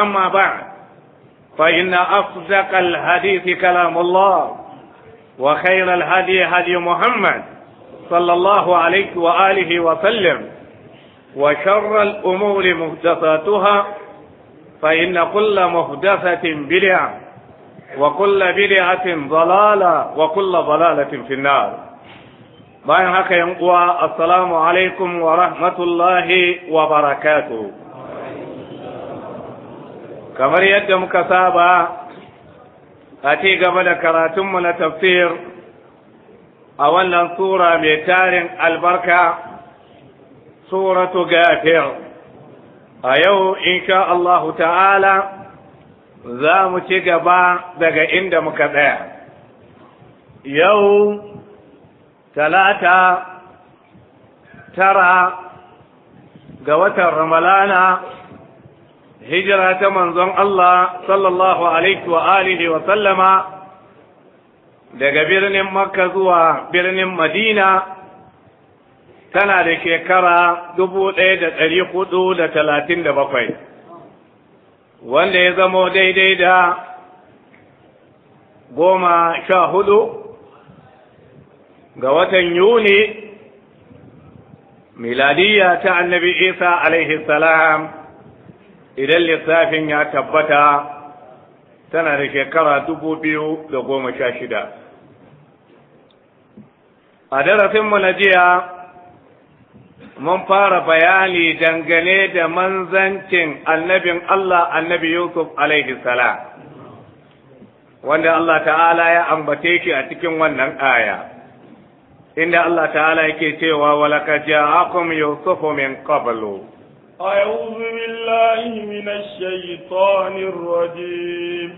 أما بعد فإن أصدق الحديث كلام الله وخير الهدي هدي محمد صلى الله عليه وآله وسلم وشر الأمور محدثاتها فإن كل محدثة بدعة وكل بدعة ضلالة وكل ضلالة في النار باين هكا ينقوى السلام عليكم ورحمة الله وبركاته kamar yadda muka saba a ci gaba da karatunmu na tafsir a wannan sura mai tarin albarka suratu gafir a yau insha Allahu ta'ala za mu ci gaba daga inda muka tsaya yau talata tara ga watan ramalana hijira ta manzon Allah sallallahu alaihi wa alihi wa sallama daga birnin Makka zuwa birnin Madina tana da shekara dubu ɗaya da ɗari hudu da talatin da bakwai wanda ya zamo daidai da goma sha hudu ga watan Yuni miladiya ta annabi Isa alaihi salam idan lissafin ya tabbata tana da shekara dubu biyu da goma sha shida a darasinmu na jiya mun fara bayani dangane da manzancin annabin Allah annabi Yusuf alaihi salam wanda Allah ta'ala ya ambace shi a cikin wannan aya inda Allah ta'ala yake cewa walaqad ja'akum yusufu min qablu أعوذ بالله من الشيطان الرجيم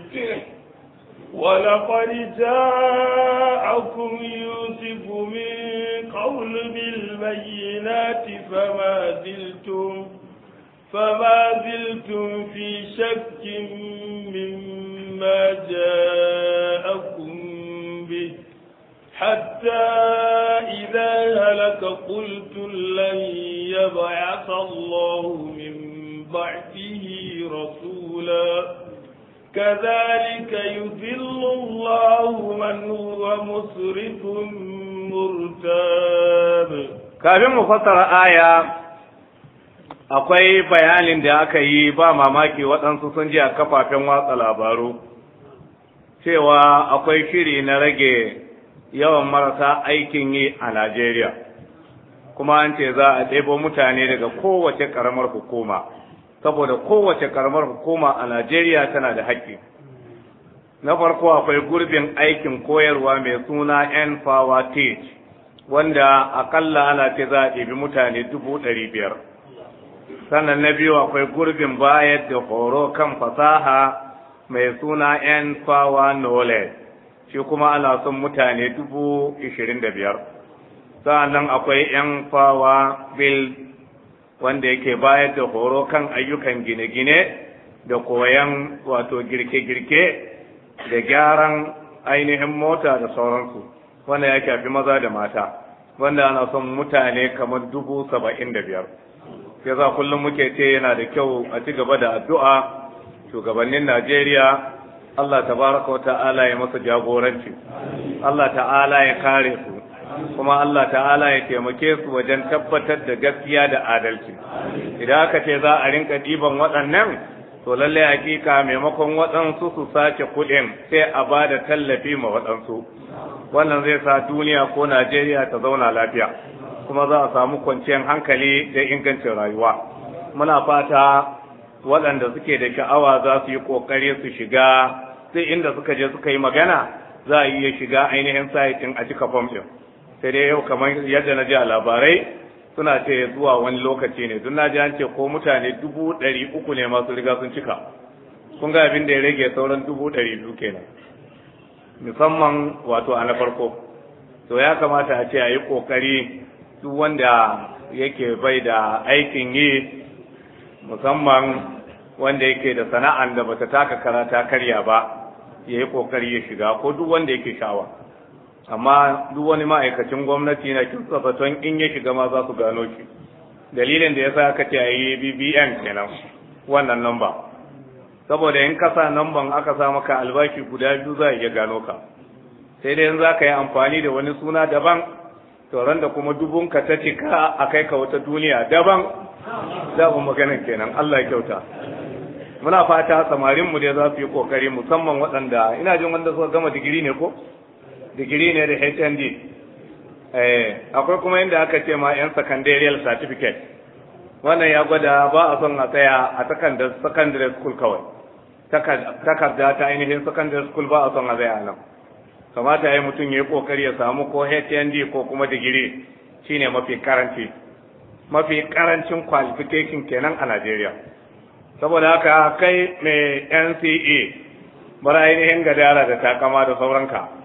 ولقد جاءكم يوسف من قول بالبينات فما زلتم فما زلتم في شك مما جاءكم به حتى كذلك يذل الله من هو مسرف مرتاب kafin mu fassara aya akwai bayanin da aka yi ba mamaki waɗansu sun ji a kafafen watsa labaru cewa akwai shiri na rage yawan marasa aikin yi a Najeriya kuma an ce za a ɗebo mutane daga kowace ƙaramar hukuma saboda kowace karamar hukuma a Najeriya tana da haƙƙi na farko akwai gurbin aikin koyarwa mai suna n power teach wanda akalla ana ce za a ɗebi mutane dubu ɗari biyar sannan na biyu akwai gurbin bayar da horo kan fasaha mai suna n power knowledge shi kuma ana son mutane dubu ishirin da biyar sannan akwai yan power build wanda yake bayar da horo kan ayyukan gine-gine da koyan wato girke-girke da gyaran ainihin mota da sauransu wanda ya kafi maza da mata wanda ana son mutane kamar dubu saba'in da biyar ya za kullum muke ce yana da kyau a ci gaba da addu'a shugabannin najeriya allah baraka wa ta'ala ya masa jagoranci allah ta'ala ya kare su kuma Allah ta'ala ya taimake su wajen tabbatar da gaskiya da adalci idan aka ce za a rinka ɗiban waɗannan to lallai hakika maimakon waɗansu su sace kuɗin sai a ba da tallafi ma waɗansu wannan zai sa duniya ko Najeriya ta zauna lafiya kuma za a samu kwanciyar hankali da ingancin rayuwa muna fata waɗanda suke da sha'awa za su yi ƙoƙari su shiga sai inda suka je suka yi magana za a iya shiga ainihin sayitin a cika fom ɗin sai dai yau kamar yadda na ji a labarai suna ce zuwa wani lokaci ne duk na ji an ce ko mutane dubu ɗari uku ne masu riga sun cika kun ga abin da ya rage sauran dubu ɗari biyu kenan musamman wato a na farko to ya kamata a ce a yi ƙoƙari duk wanda yake bai da aikin yi musamman wanda yake da sana'an da bata taka karata karya ba ya yi ƙoƙari ya shiga ko duk wanda yake sha'awa amma duk wani ma'aikacin gwamnati na kin tsafaton in ya shiga ma za su gano shi dalilin da ya sa aka ce a yi bbn kenan wannan namba saboda in kasa namban aka sa maka albashi guda biyu za a iya gano ka sai dai in za ka yi amfani da wani suna daban tauran da kuma ka ta cika a kai ka wata duniya daban za mu magana kenan allah kyauta muna fata samarinmu da za su yi kokari musamman waɗanda ina jin wanda suka gama digiri ne ko digiri ne da HND eh, akwai kuma inda aka ce ma yan secondarial certificate wannan ya gwada ba a son a tsaya a takardar secondary school kawai takarda ta ainihin secondary school ba a son a tsaya nan kamata ya yi mutum ya yi kokari ya samu ko HND ko kuma digiri shine mafi karanci mafi karancin qualification kenan a Najeriya saboda haka kai mai NCE bara ainihin gadara da takama da sauranka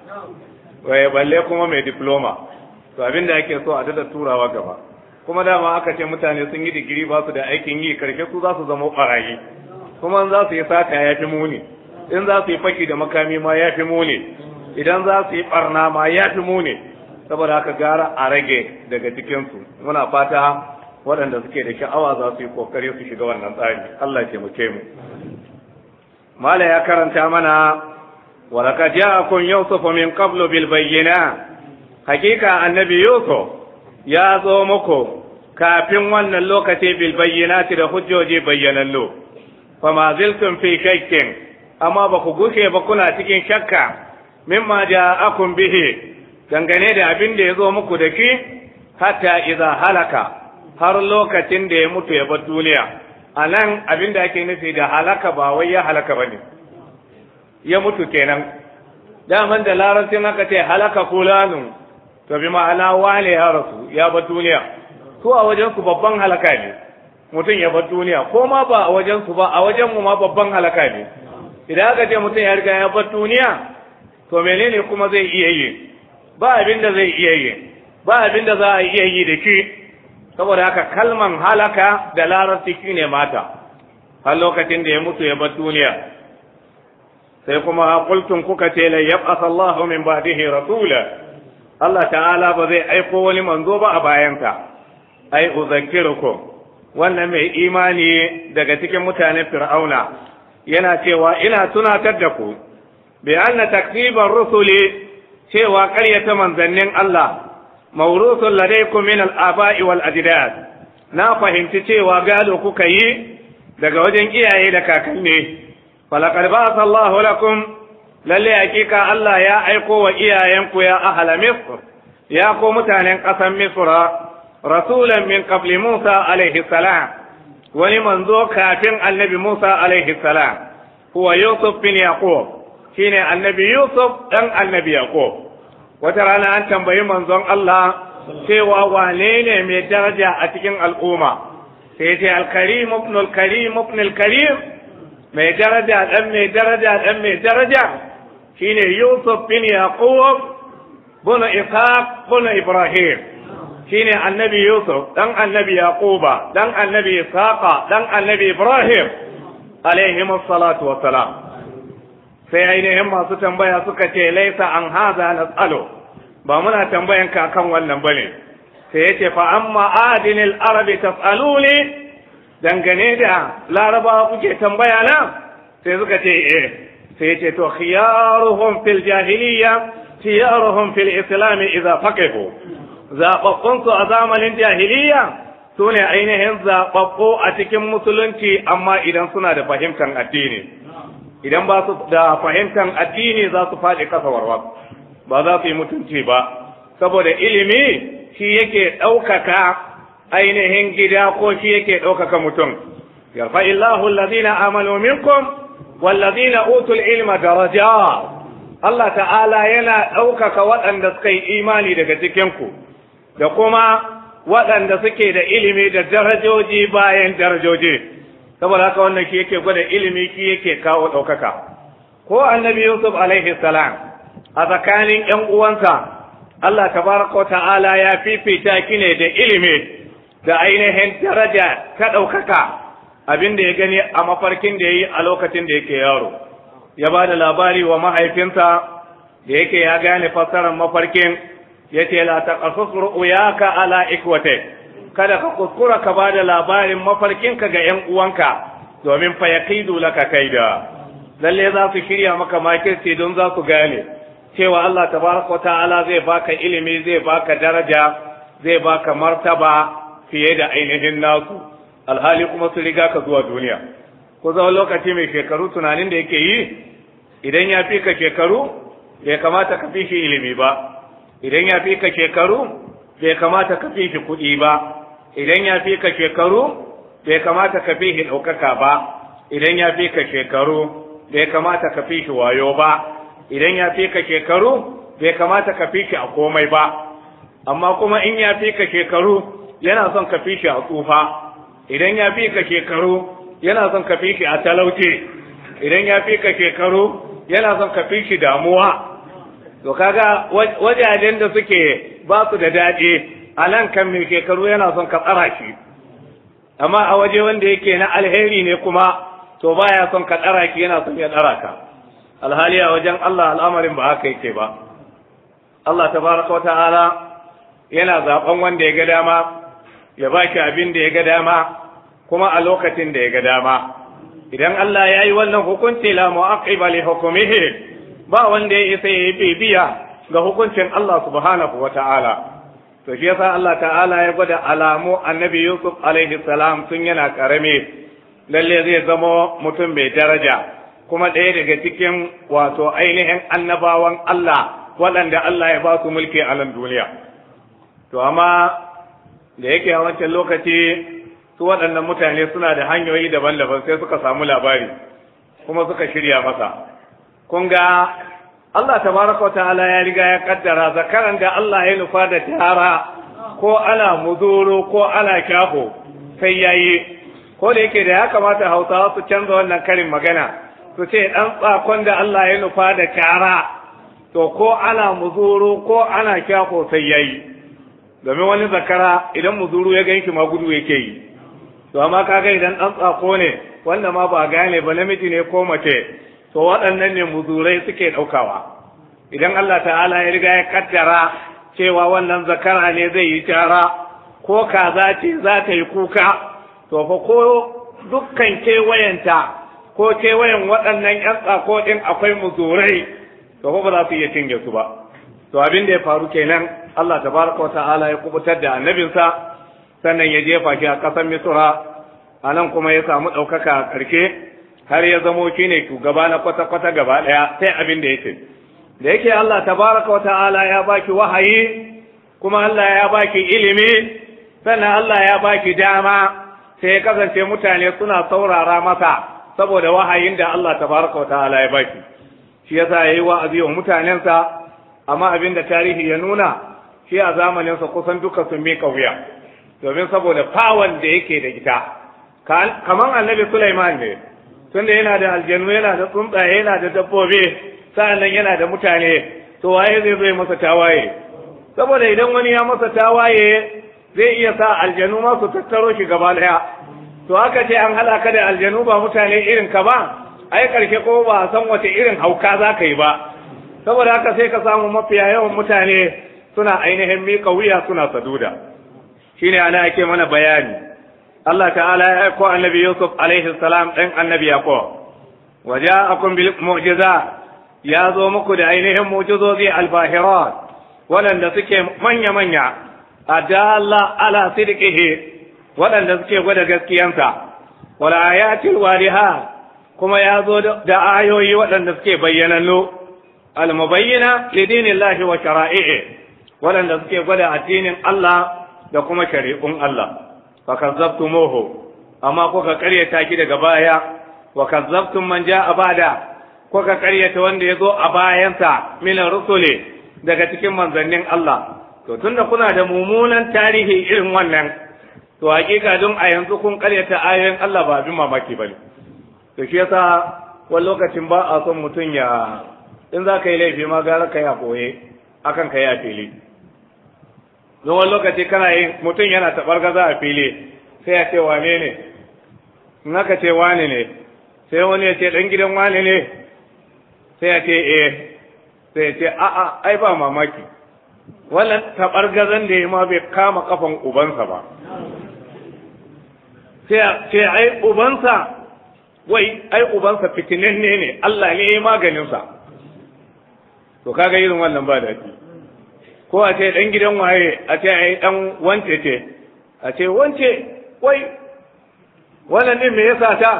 Eh, balle kuma mai diploma to abin da ake so a dada turawa gaba kuma dama aka ce mutane sun yi digiri ba su da aikin yi karshe su za su zama barayi kuma za su yi sata ya fi muni in za su yi faki da makami ma ya fi muni idan za su yi barna ma ya fi muni saboda haka gara a rage daga cikinsu muna fata waɗanda suke da sha'awa za su yi kokari su shiga wannan tsari Allah ya taimake mu mala ya karanta mana ولقد min يوسف من قبل بالبينات annabi النبي ya zo muku kafin wannan lokaci bil bayyinati da hujjoji bayyanallu fa ma ziltum fi shakkin amma ba ku gushe ba kuna cikin shakka mimma ja'akum bihi dangane da abin da yazo muku da shi hatta iza halaka har lokacin da ya mutu ya bar duniya anan abin da ake nufi da halaka ba wai ya halaka bane ya mutu kenan daman da larabcin aka ce halaka fulanun to bi ma'ana wale ya rasu ya bar duniya su a wajen su babban halaka ne mutum ya bar duniya ko ma ba a wajen su ba a wajen mu ma babban halaka ne idan aka ce mutum ya riga ya bar duniya to menene kuma zai iya yi ba abin da zai iya yi ba abin da za a iya yi da ki saboda haka kalman halaka da ciki ne mata har lokacin da ya mutu ya bar duniya sai kuma qultum kuka ce la yab'ath Allahu min ba'dihi rasula Allah ta'ala ba zai aiko wani manzo ba a bayanka ai uzakkirukum wannan mai imani daga cikin mutanen fir'auna yana cewa ina tunatar da ku bi anna takziban rusuli cewa ƙaryata manzannin Allah mawrusul ladaykum min al-aba'i wal ajdad na fahimci cewa gado kuka yi daga wajen iyaye da kakanni falaqad ba'atha Allahu lakum lalle hakika Allah ya aiko wa iyayenku ya ahala misr ya ko mutanen ƙasar misr rasulan min qabli Musa alaihi salam wani manzo kafin annabi Musa alaihi salam huwa Yusuf bin Yaqub shine annabi Yusuf dan annabi Yaqub wata rana an tambayi manzon Allah cewa wane ne mai daraja a cikin al'umma sai ce alkarim ibn alkarim ibn alkarim mai daraja dan mai daraja dan mai daraja shine Yusuf bin Yaqub bin Ishaq bin Ibrahim shine annabi Yusuf dan annabi Yaquba dan annabi Ishaqa dan annabi Ibrahim alaihim salatu wassalam sai ainihin masu tambaya suka ce laisa an haza nas'alu ba muna tambayan ka kan wannan bane sai yace fa amma adinil arabi tas'aluni dangane da larabawa kuke tambaya na sai suka ce eh sai ce to khiyaruhum fil jahiliya khiyaruhum fil islam idza faqahu zababbun su a zamanin jahiliya to ne ainihin zababbu a cikin musulunci amma idan suna da fahimtar addini idan ba su da fahimtar addini za su faɗi kasa wa. ba za su yi mutunci ba saboda ilimi shi yake ɗaukaka ainihin gida ko shi yake ɗaukaka mutum yarfa illahu lazina amanu minkum wallazina utul ilma daraja Allah ta'ala yana ɗaukaka waɗanda suka yi imani daga cikinku da kuma waɗanda suke da ilimi da darajoji bayan darajoji saboda haka wannan shi yake gwada ilimi shi yake kawo ɗaukaka ko annabi yusuf alaihi salam a tsakanin ƴan uwansa Allah tabaraka ta'ala ya fifita ki ne da ilimi da ainihin daraja ta ɗaukaka abin da ya gani a mafarkin da ya yi a lokacin da yake yaro ya ba da labari wa mahaifinsa da yake ya gane fassarar mafarkin ya ce la taqasus ru'yaka ala ikwate kada ka kuskura ka ba da labarin mafarkinka ga yan uwanka domin fa ka kai kaida lalle za su shirya maka makirci don za su gane cewa Allah tabaraka ta'ala zai baka ilimi zai baka daraja zai baka martaba fiye da ainihin naku alhali kuma su riga ka zuwa duniya ko zama lokaci mai shekaru tunanin da yake yi idan ya fi ka shekaru bai kamata ka fi shi ilimi ba idan ya fi ka shekaru bai kamata ka fi shi kuɗi ba idan ya fi ka shekaru bai kamata ka fi shi ɗaukaka ba idan ya fi ka shekaru bai kamata ka fi shi wayo ba idan ya fi ka shekaru bai kamata ka fi shi a komai ba amma kuma in ya fi ka shekaru yana son ka fishi a tsufa idan ya fi ka shekaru yana son ka fishi a talauce idan ya fi ka shekaru yana son ka fishi damuwa to kaga wajajen da suke ba su da daɗi a nan kan mai shekaru yana son ka tsara shi amma a waje wanda yake na alheri ne kuma to baya son ka tsara shi yana son ya tsara ka alhali a wajen Allah al'amarin ba haka yake ba Allah tabaraka wa ta'ala yana zaben wanda ya ga dama ya ba baki abin da ya ga dama kuma a lokacin da ya ga dama idan Allah ya yi wannan hukunci la mu'aqiba li hukmihi ba wanda ya isa ya biya ga hukuncin Allah subhanahu ta'ala to shi yasa Allah ta'ala ya gwada alamu annabi Yusuf alaihi salam tun yana karami lalle zai zama mutum mai daraja kuma ɗaya daga cikin wato ainihin annabawan Allah waɗanda Allah ya ba su mulki a nan duniya. To amma da yake a wancan lokaci su waɗannan mutane suna da hanyoyi daban-daban sai suka samu labari kuma suka shirya masa kun ga Allah tabaraka ta'ala ya riga ya kaddara zakaran da Allah ya nufa da tara ko ana muzuru ko ana kyako sai yayi ko da yake da ya kamata Hausawa su canza wannan karin magana su ce dan tsakon da Allah ya nufa da tara to ko ana muzuru ko ana kyako sai yayi game wani zakara idan muzuru ya ganki ma gudu yake yi to amma kaga idan dan tsako ne wanda ma ba gane ba namiji ne ko mace to waɗannan ne muzurai suke ɗaukawa idan Allah ta'ala ya riga ya kaddara cewa wannan zakara ne zai yi tara ko kaza ce za ta yi kuka to fa ko dukkan kewayenta ko kewayen waɗannan 'yan tsako ɗin akwai muzurai to fa ba za su iya cinye su ba to abin da ya faru kenan Allah tabaraka wa ta'ala ya kubutar da annabinsa sannan ya jefa shi a ƙasar Misra a nan kuma ya samu ɗaukaka a ƙarshe har ya zamo shi ne shugaba na kwata-kwata gaba ɗaya sai abin da ya ce da yake Allah tabaraka wa ta'ala ya baki wahayi kuma Allah ya baki ilimi sannan Allah ya baki dama sai ya kasance mutane suna saurara masa saboda wahayin da Allah tabaraka wa ta'ala ya baki shi yasa yayi wa'azi wa mutanensa amma abin da tarihi ya nuna shi a zamaninsa kusan duka sun miƙa wuya domin saboda fawon da yake da gita kamar annabi Sulaiman ne tunda yana da aljanu yana da tsuntsaye yana da dabbobi nan yana da mutane to waye zai zo masa tawaye saboda idan wani ya masa tawaye zai iya sa aljanu ma su tattaro shi gaba daya to aka ce an halaka da aljanu ba mutane irin ka ba ai karshe ko ba san wace irin hauka za ka yi ba saboda haka sai ka samu mafiya yawan mutane suna ainihin miƙa wuya suna saduda Shi ne ana ake mana bayani Allah ta'ala ya aiko annabi Yusuf alaihi salam ɗan annabi ko. wa ja'akum bil mu'jiza ya zo muku da ainihin mu'jizozi al-bahirat waɗanda suke manya manya adalla ala sidqihi waɗanda suke gwada gaskiyansa wal ayatil wadiha kuma ya zo da ayoyi waɗanda suke bayyanannu al Lidini li wa shara'i'i waɗanda suke gwada addinin Allah da kuma shari'un Allah fa kazzabtumuhu amma kuka karyata ki daga baya wa kazzabtum man ja'a ba'da kuka karyata wanda yazo a bayansa min rusuli daga cikin manzannin Allah to tunda kuna da mummunan tarihi irin wannan to hakika don a yanzu kun karyata ayoyin Allah ba bin mamaki bane to shi yasa wani lokacin ba a son mutum ya in za ka yi laifi ma gara ka yi a koye akan ka yi a fili don wani lokaci kana yin mutum yana taɓar gaza a fili sai ya ce wane ne na ka ce wane ne sai wani ya ce ɗan gidan wane ne sai ya ce eh sai ya ce a'a ai ba mamaki wannan taɓar gazan da ya ma bai kama kafan ubansa ba sai ya ce ai ubansa wai ai ubansa fitinen ne ne Allah ne ya maganinsa to kaga irin wannan ba daɗi ko a ce ɗan gidan waye a ce ai ɗan wance ce a ce wance wai wannan ɗin me ya sata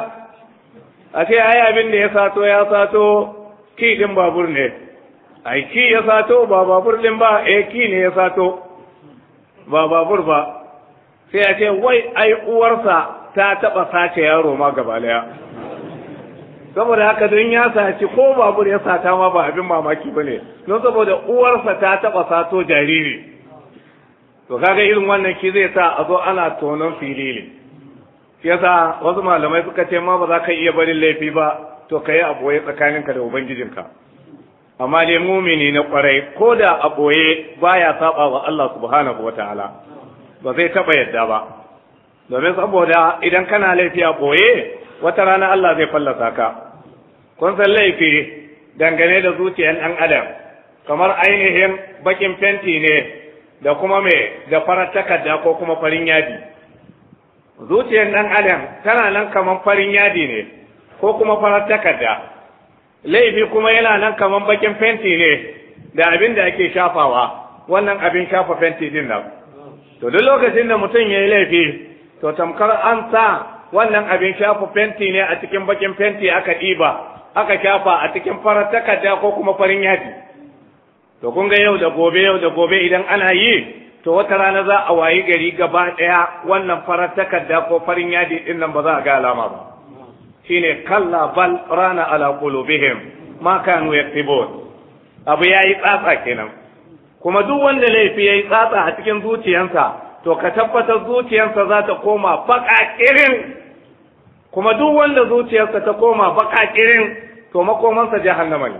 a ce ai abin da ya sato ya sato ki ɗin babur ne ai ki ya sato ba babur ɗin ba eh ki ne ya sato ba babur ba sai a ce wai ai uwarsa ta taɓa sace yaro ma gabalaya. daya saboda haka don ya saci ko babur ya sata ma ba abin mamaki ba ne don saboda uwarsa ta taɓa sato jariri to kaga irin wannan ki zai sa a zo ana tonon filili shi yasa wasu malamai suka ce ma ba za ka iya barin laifi ba to ka yi a ɓoye tsakaninka da ubangijinka amma dai mumini na kwarai ko da a boye baya saba wa Allah subhanahu wa ta'ala ba zai taɓa yadda ba domin saboda idan kana laifi a boye wata rana Allah zai fallasa ka kun san laifi dangane da zuciyar ɗan adam kamar ainihin bakin fenti ne da kuma mai da farar takarda ko kuma farin yadi zuciyar ɗan adam tana nan kamar farin yadi ne ko kuma farar takarda laifi kuma yana nan kamar bakin fenti ne da abin da ake shafawa wannan abin shafa fenti din nan to duk lokacin da mutum ya yi laifi to tamkar an sa wannan abin shafa fenti ne a cikin bakin fenti aka ɗiba aka shafa a cikin farar takarda ko kuma farin yadi to kun ga yau da gobe yau da gobe idan ana yi to wata rana za a wayi gari gaba ɗaya wannan farar takarda ko farin yadi ɗin nan ba za a ga alama ba shine kalla bal rana ala qulubihim ma kanu yaktibun abu yayi tsatsa kenan kuma duk wanda laifi yayi tsatsa a cikin zuciyarsa to ka tabbatar zuciyarsa za ta koma baƙaƙirin kuma duk wanda zuciyarsa ta koma baƙaƙirin to makomansa jahannama ne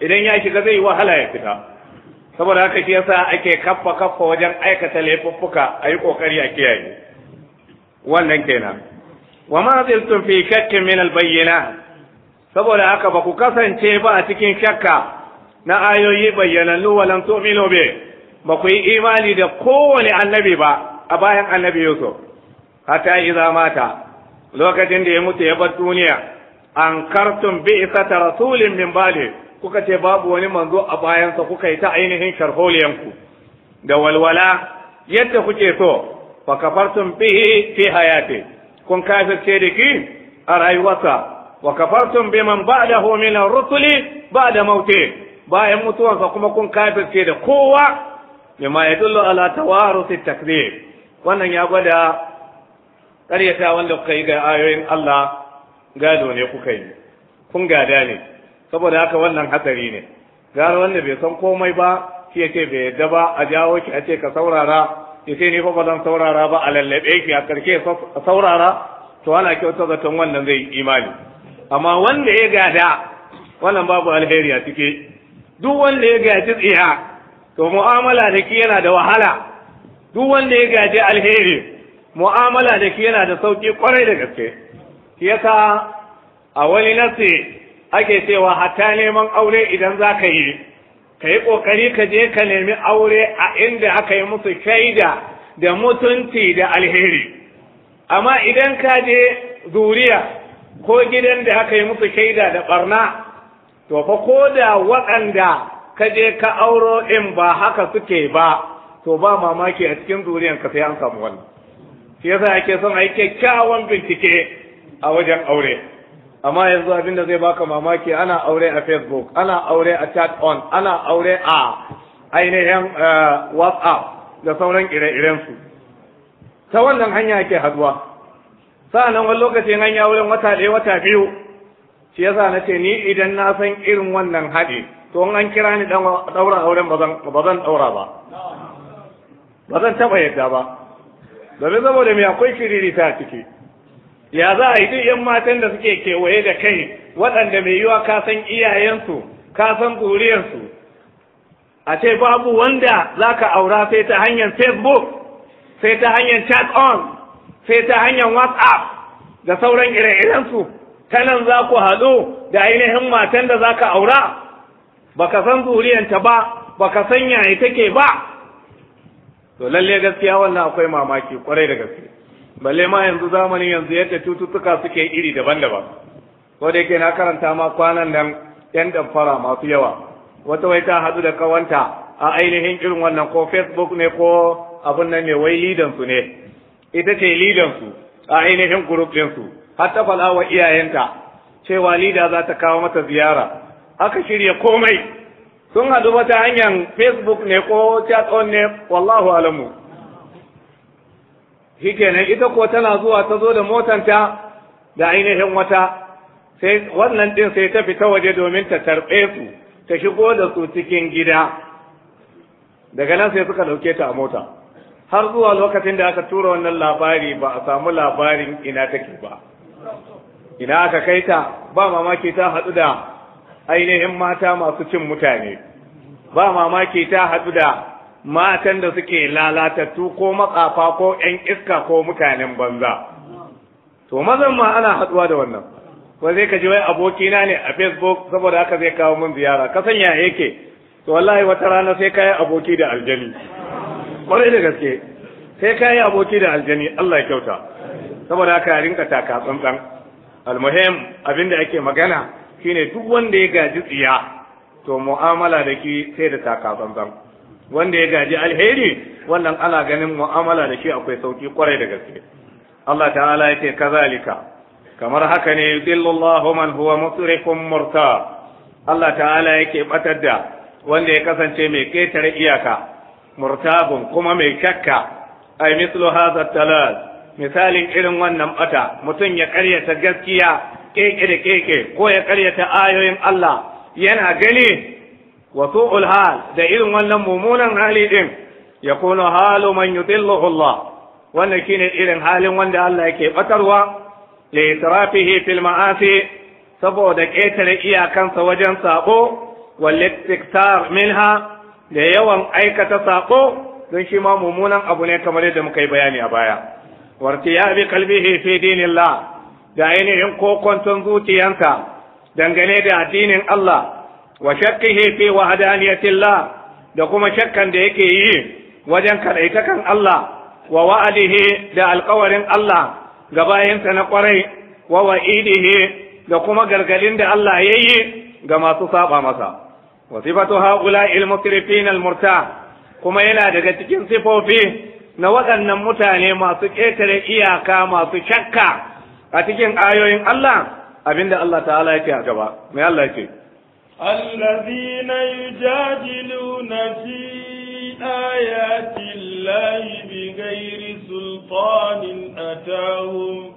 idan ya shiga zai yi wahala ya fita saboda haka shi yasa ake kaffa kaffa wajen aikata laifuffuka a yi kokari a kiyaye wannan kenan wa ma ziltum fi shakkin min albayyana saboda haka ba ku kasance ba a cikin shakka na ayoyi bayyanannu wa lam tu'minu bi ba ku yi imani da kowane annabi ba a bayan annabi Yusuf hatta idza mata lokacin da ya mutu ya bar duniya An isa bi'sata rasulin min bali kuka ce babu wani manzo a bayansa kuka yi ta ainihin sharholiyanku da walwala yadda kuke so fa kafartum bihi fi hayati kun kafirce da ki a rayuwarsa wa kafartum man ba'dahu min ar-rusuli ba'da mauti bayan mutuwansa kuma kun kafirce da kowa mimma yadullu ala tawarusi takdir wannan ya gwada ta wanda kuka yi ga ayoyin Allah gado ne kuka yi kun gada ne saboda haka wannan hatsari ne gara wanda bai san komai ba shi ya ce bai yadda ba a jawo shi a ce ka saurara ya ce ni fa ba zan saurara ba a lallaɓe shi a karshe saurara to ana kyauta zaton wannan zai imani amma wanda ya gada wannan babu alheri a cike duk wanda ya gaji tsiya to mu'amala da ki yana da wahala duk wanda ya gaji alheri mu'amala da ki yana da sauki kwarai da gaske yasa a wani nasi ake cewa hatta neman aure idan za ka yi ka yi ƙoƙari ka je ka nemi aure a inda aka yi musu shaida da mutunci da alheri amma idan ka je zuriya ko gidan da aka yi musu shaida da ɓarna to fa ko da waɗanda ka je ka auro ɗin ba haka suke ba to ba mamaki a cikin zuriyan ka sai an samu wannan shi yasa ake son a yi kyakkyawan bincike a wajen aure amma yanzu abin da zai baka mamaki ana aure a facebook ana aure a chat on ana aure a ainihin eh, whatsapp da sauran ire-irensu ta wannan hanya ke haduwa sa'annan wani lokacin hanya wurin wata ɗaya wata biyu shi yasa na ce ni idan na san irin wannan haɗi to in an kira ni ɗaura auren ba zan ɗaura ba ba zan taɓa yadda ba domin saboda mai akwai kiririta a ciki ya za a yi duk yan matan da suke kewaye da kai waɗanda mai yiwa ka san iyayensu ka san zuriyarsu a ce babu wanda za ka aura sai ta hanyar facebook sai ta hanyar chat on sai ta hanyar whatsapp da sauran ire-irensu ta nan za ku haɗu da ainihin matan da za ka aura Ba ka san zuriyanta ba Ba ka san yaya take ba to lalle gaskiya wannan akwai mamaki kwarai da gaske balle ma yanzu zamanin yanzu yadda cututtuka suke iri daban-daban ko da yake na karanta ma kwanan nan yan damfara masu yawa wata wai ta hadu da kawanta a ainihin irin wannan ko facebook ne ko abin nan ne wai lidan ne ita ce lidansu a ainihin group din su har ta fada wa iyayenta cewa lida za ta kawo mata ziyara aka shirya komai sun hadu wata hanyar facebook ne ko chat on ne wallahu alamu kenan ita ko tana zuwa ta zo da motanta da ainihin wata sai wannan din sai ta fita waje domin ta tarbe su ta shigo da su cikin gida daga nan sai suka dauke ta a mota har zuwa lokacin da aka tura wannan labari ba a samu labarin ina take ba ina aka kai ta ba mamaki ta haɗu da ainihin mata masu cin mutane ba mamaki ta hadu da matan da suke lalatattu ko makafa ko ƴan iska ko mutanen banza to mazan ma ana haɗuwa da wannan ko zai ka ji wai abokina ne a facebook saboda haka zai kawo min ziyara ka sanya yake to wallahi wata rana sai ka yi aboki da aljani kwarai da gaske sai ka yi aboki da aljani Allah ya kyauta saboda haka rinka taka tsantsan almuhim abinda ake magana shine duk wanda ya gaji tsiya to mu'amala da ki sai da taka tsantsan wanda ya gaji alheri wannan ana ganin mu'amala da shi akwai sauki kwarai da gaske Allah ta'ala ya ce kazalika kamar haka ne yudillullahu man huwa musrifun murta Allah ta'ala yake batar da wanda ya kasance mai ketare iyaka murtabun kuma mai shakka ai mislu hadha talal misalin irin wannan bata mutum ya karyata gaskiya keke da keke ko ya karyata ayoyin Allah yana gani wa su'ul hal da irin wannan mummunan hali din ya kuna halu man yutillahu Allah wannan shine irin halin wanda Allah yake batarwa li israfihi fil ma'asi saboda ƙetare iyakansa wajen sako wal istiktar minha da yawan aikata sako don shi ma mummunan abu ne kamar yadda muka yi bayani a baya wartiyabi qalbihi fi dinillah da ainihin kokonton zuciyansa dangane da addinin Allah wa shakkihi fi wahdaniyati Allah da kuma shakkan da yake yi wajen kaɗaitakan Allah wa wa'adihi da alƙawarin Allah ga bayansa na ƙwarai, wa wa'idihi da kuma gargadin da Allah ya yi ga masu saba masa wa sifatu haula il musrifin murta kuma yana daga cikin sifofi na waɗannan mutane masu ƙetare iyaka masu shakka a cikin ayoyin Allah abinda Allah ta'ala yake a gaba mai Allah yake الذين يجادلون في آيات الله بغير سلطان أتاهم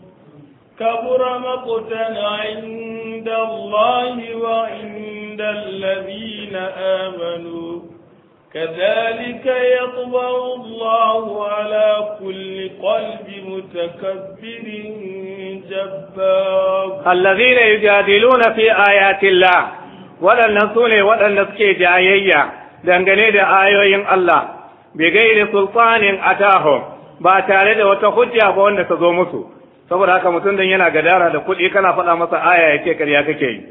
كبر مقتا عند الله وعند الذين آمنوا كذلك يطبع الله على كل قلب متكبر جبار الذين يجادلون في آيات الله waɗannan su ne waɗanda suke jayayya dangane da ayoyin Allah bi gairi sultanin atahum ba tare da wata hujja ba wanda ta zo musu saboda haka mutum dan yana gadara da kuɗi kana faɗa masa aya ce ƙarya kake yi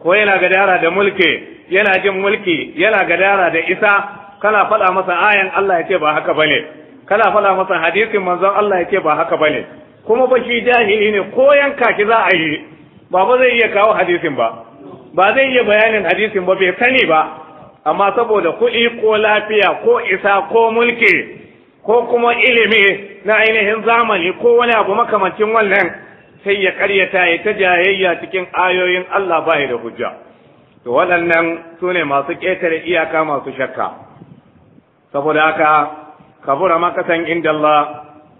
ko yana gadara da mulki yana jin mulki yana gadara da isa kana faɗa masa ayan Allah ya ce ba haka bane kana faɗa masa hadisin manzon Allah ya ce ba haka bane kuma ba shi jahili ne ko yanka za a yi ba ba zai iya kawo hadisin ba ba zai iya bayanin hadisin ba bai sani ba amma saboda kuɗi ko lafiya ko isa ko mulki ko kuma ilimi na ainihin zamani ko wani abu makamancin wannan sai ya karyata ya ta jayayya cikin ayoyin Allah ba da hujja to waɗannan su ne masu ƙetare iyaka masu shakka saboda haka kabura makasan inda Allah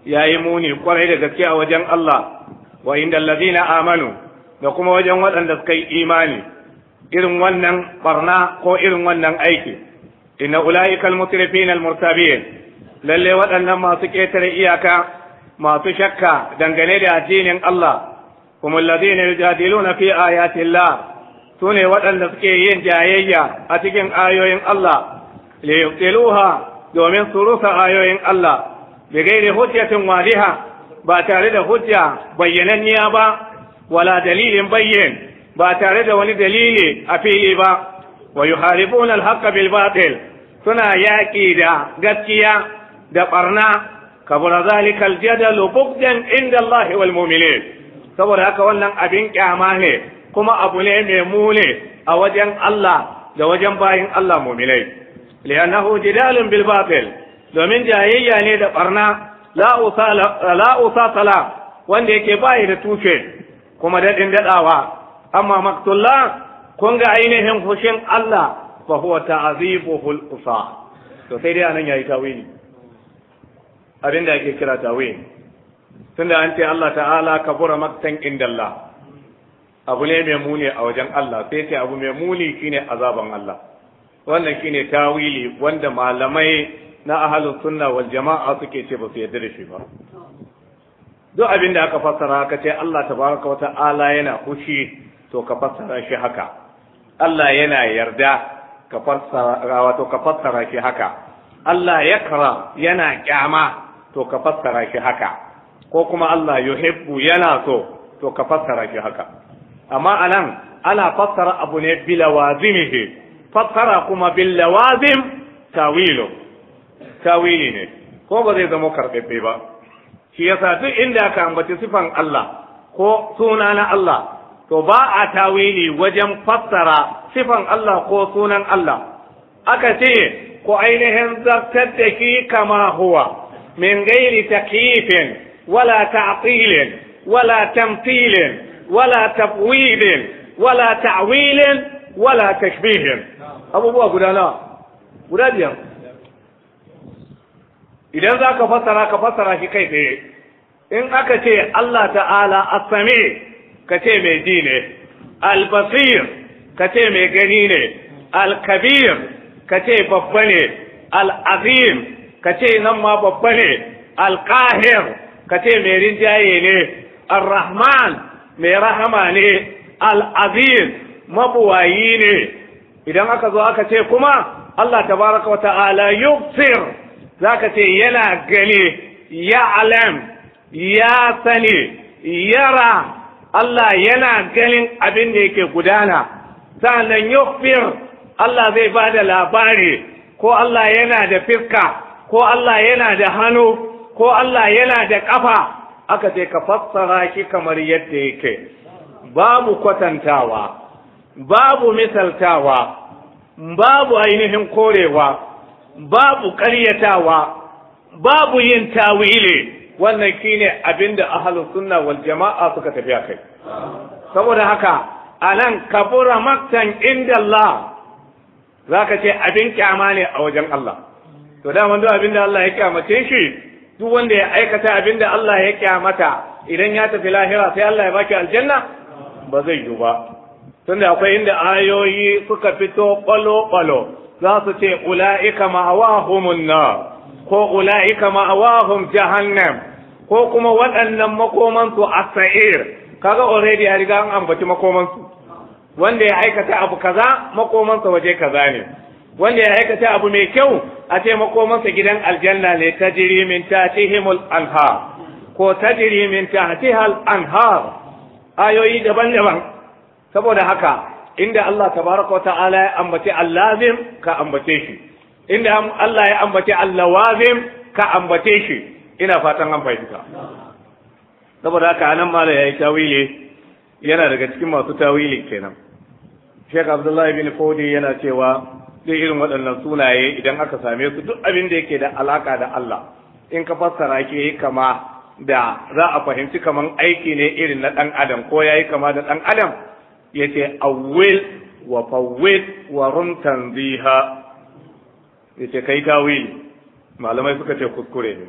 ya yi muni kwarai da gaske a wajen Allah wa inda amanu da kuma wajen waɗanda suka yi imani irin wannan barna ko irin wannan aiki inna ulaika almutrifin almurtabin lalle waɗannan masu ƙetare iyaka masu shakka dangane da addinin Allah kuma alladhina yujadiluna fi ayati Allah sune waɗanda suke yin jayayya a cikin ayoyin Allah li yutiluha domin su rusa ayoyin Allah bi gairi hujjatin wadiha ba tare da hujja bayyananniya ba wala dalilin bayyin ba tare da wani dalili a fili ba wa yuharibuna al bil batil suna yaƙi da gaskiya da barna kabura zalika al inda Allah wal mu'minin saboda haka wannan abin kyama ne kuma abu ne mai mune a wajen Allah da wajen bayin Allah mu'minai li'annahu jidalun bil batil domin jayayya ne da barna la usala la usala wanda yake bayi da tushe kuma dadin dadawa amma maktullah kun ga ainihin hushin Allah fa huwa ta'zibuhul qusa to sai dai anan yayi tawili abin da kira tawili tunda an ce Allah ta'ala kabura maktan indallah abu ne mai muni a wajen Allah sai ce abu mai muni shine azaban Allah wannan shine tawili wanda malamai na ahlus sunna wal jama'a suke ce ba su yarda da shi ba duk abin da aka fassara aka ce Allah tabaraka wa ta'ala yana fushi to ka fassara shi haka Allah yana yarda ka fassara wato ka fassara shi haka Allah yakra yana kyama to ka fassara shi haka ko kuma Allah yuhibbu yana so to ka fassara shi haka amma anan ana fassara abu ne bilawazimihi fassara kuma billawazim tawilu tawili ne ko ba zai zama karɓaɓɓe ba shi yasa duk inda aka ambaci sifan Allah ko suna na Allah to ba a tawili wajen fassara sifan Allah ko sunan Allah aka ce ku ainihin zartar da ki kama huwa min gairi kifin, wala ta'qilin wala tamthilin wala tafwidin wala ta'wilin wala tashbihin abubuwa guda nawa guda biyar idan za ka fassara ka fassara shi kai tsaye in aka ce Allah ta'ala as-sami' ka ce mai ji ne albasir ka ce mai gani ne alkabir ka ce babba ne al'azim ka ce nan ma babba ne alkahir ka ce mai rinjaye ne arrahman mai rahama ne al'aziz mabuwayi ne idan aka zo aka ce kuma Allah tabaraka wa ta'ala yubsir ka ce yana gani ya alam ya sani yara Allah yana ganin abin da yake gudana sannan yufir Allah zai ba da labari ko Allah yana da fiska ko Allah yana da hannu ko Allah yana da ƙafa aka ce ka fassara shi kamar yadda yake babu kwatantawa babu misaltawa babu ainihin korewa babu ƙaryatawa babu yin tawili wannan shine abinda ahalin sunna wal jama'a suka tafi a kai saboda haka anan kafura maktan inda Allah zaka ce abin kyama ne a wajen Allah to da duk abinda Allah ya kyamace shi duk wanda ya aikata abinda Allah ya kyamata idan ya tafi lahira sai Allah ya baki aljanna ba zai yi ba tunda akwai inda ayoyi suka fito kwalo-kwalo za su ce ula'ika ma'awahumun nar ko ula'ika ma'awahum jahannam ko kuma waɗannan makomansu a sa'ir kaga already a riga an ambaci makomansu wanda ya aikata abu kaza makomansa waje kaza ne wanda ya aikata abu mai kyau a ce makomansa gidan aljanna ne tajri min tatihimul anhar ko tajri min tahtihal anhar ayoyi daban-daban saboda haka inda Allah tabaraka wa ta'ala ya ambaci allazim ka ambace shi inda Allah ya ambace allawazim ka ambace shi ina fatan an fahimta saboda haka anan mala yayi tawili yana daga cikin masu tawili kenan Sheikh Abdullahi bin Fodi yana cewa duk irin waɗannan sunaye idan aka same su duk abin da yake da alaka da Allah in ka fassara ke kama da za a fahimci kaman aiki ne irin na ɗan adam ko yayi kama da ɗan adam yace awwil wa fawwil wa rumtan tanziha ya ce kai tawili malamai suka ce kuskure ne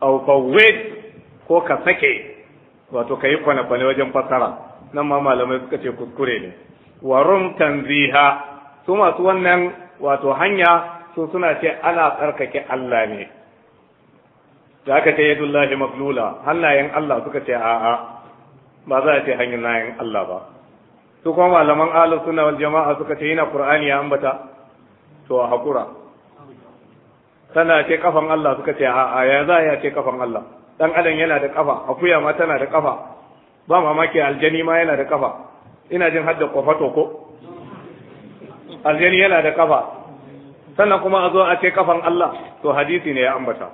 au fawwid ko ka sake wato ka yi kwane wajen fassara nan ma malamai suka ce kuskure ne rum tanziha su masu wannan wato hanya su suna ce ana tsarkake Allah ne da aka ce yadullahi maglula hannayen Allah suka ce a'a ba za a ce hannayen Allah ba su kuma malaman ahlus sunna wal jama'a suka ce yana qur'ani ya ambata to a hakura tana ce kafan Allah suka ce a a ya za ya ce kafan Allah dan adam yana da kafa akuya ma tana da kafa ba mamaki aljani ma yana da kafa ina jin hadda kwafato ko aljani yana da kafa sannan kuma a zo a ce kafan Allah to hadisi ne ya ambata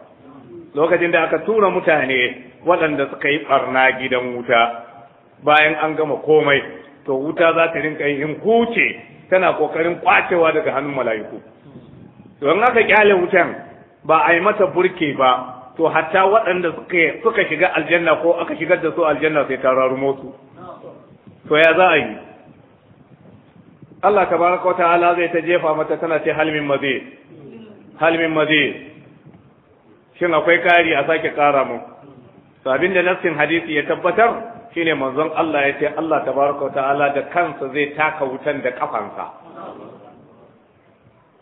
lokacin da aka tura mutane waɗanda suka yi barna gidan wuta bayan an gama komai to wuta za ta rinka yin huce tana kokarin kwacewa daga hannun mala'iku don haka kyale wutan ba a yi mata burke ba to hatta waɗanda suka suka shiga aljanna ko aka shigar da su aljanna sai ta rarumo su to ya za a yi Allah tabaraka wa ta'ala zai ta jefa mata tana ce halmin maze halmin maze shin akwai kari a sake kara mu to abinda nassin hadisi ya tabbatar shine manzon Allah ya ce Allah tabaraka ta'ala da kansa zai taka wutan da kafansa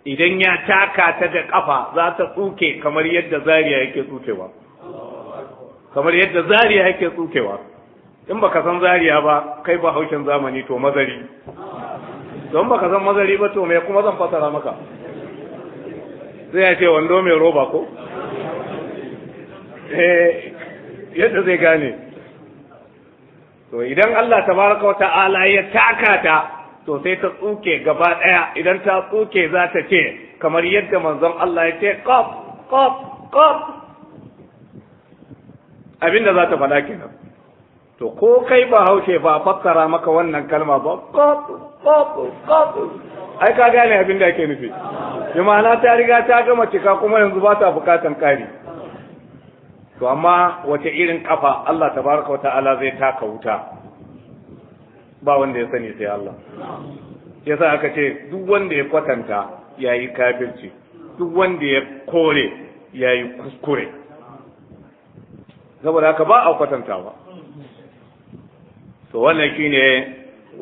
idan ya taka ta da kafa za ta tsuke kamar yadda zariya yake tsukewa kamar yadda zariya yake tsukewa in baka san zariya ba kai ba haushin zamani to mazari don baka san mazari ba to me kuma zan fasara maka sai ya ce wando mai roba ko eh yadda zai gane to idan Allah tabaraka wa ta'ala ya taka ta to sai ta tsuke gaba daya idan ta tsuke za ta ce kamar yadda manzon Allah ya ce qaf qaf qaf abinda za ta faɗa kenan to ko kai ba haushe ba fassara maka wannan kalma ba qaf qaf qaf ai ka gane abin da yake nufi bi na ta riga ta gama cika kuma yanzu ba ta bukatan kari to amma wace irin kafa Allah tabaraka wata'ala zai taka wuta ba wanda ya sani sai Allah yasa aka ce duk wanda ya kwatanta yayi kafirci duk wanda ya kore yayi kuskure saboda haka ba a kwatantawa to wannan shine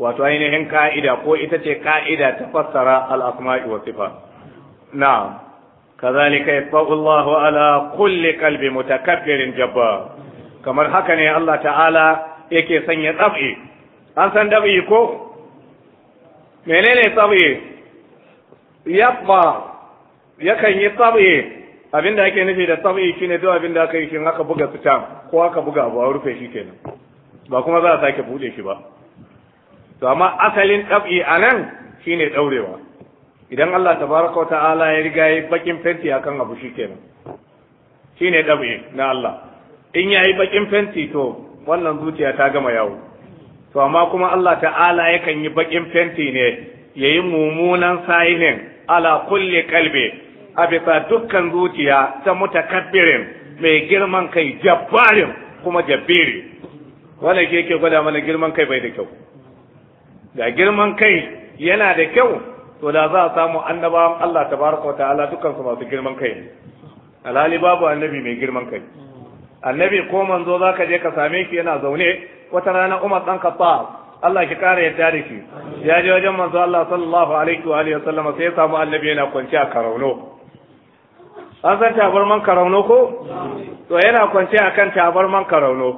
wato ainihin ka'ida ko ita ce ka'ida ta fassara al-asma'i wa sifat na'am كذلك yatfa'u الله ala كل قلب متكبر جبار kamar haka ne Allah ta'ala سنية sanya tsab'i an san dab'i ko menene tsab'i yatfa yakan yi tsab'i abinda ake nufi da tsab'i shine duk abin aka yi shin aka buga fita ko aka buga abu a rufe shi kenan ba kuma za a sake bude shi ba to amma asalin tsab'i anan shine daurewa idan Allah ta baraka wa ta'ala ya riga ya bakin fenti akan abu shi shi shine dabi na Allah in ya yi bakin fenti to wannan zuciya ta gama yawo to amma kuma Allah ta'ala yakan yi bakin fenti ne ya yi mummunan sainin ala kulle kalbe a bisa dukkan zuciya ta mutakabbirin mai girman kai jabbarin kuma jabbiri wanda ke gwada mana girman kai bai da kyau da girman kai yana da kyau to da za a samu annabawan Allah ta tabaraka wa ta'ala dukkan su masu girman kai ne alhali babu annabi mai girman kai annabi ko manzo zaka je ka same shi yana zaune wata rana Umar dan Khattab Allah ki kara yadda da shi ya je wajen manzo Allah sallallahu alaihi wa alihi wasallam sai ya samu annabi yana kwance a karauno an san tabarman karauno ko to yana kwance akan tabarman karauno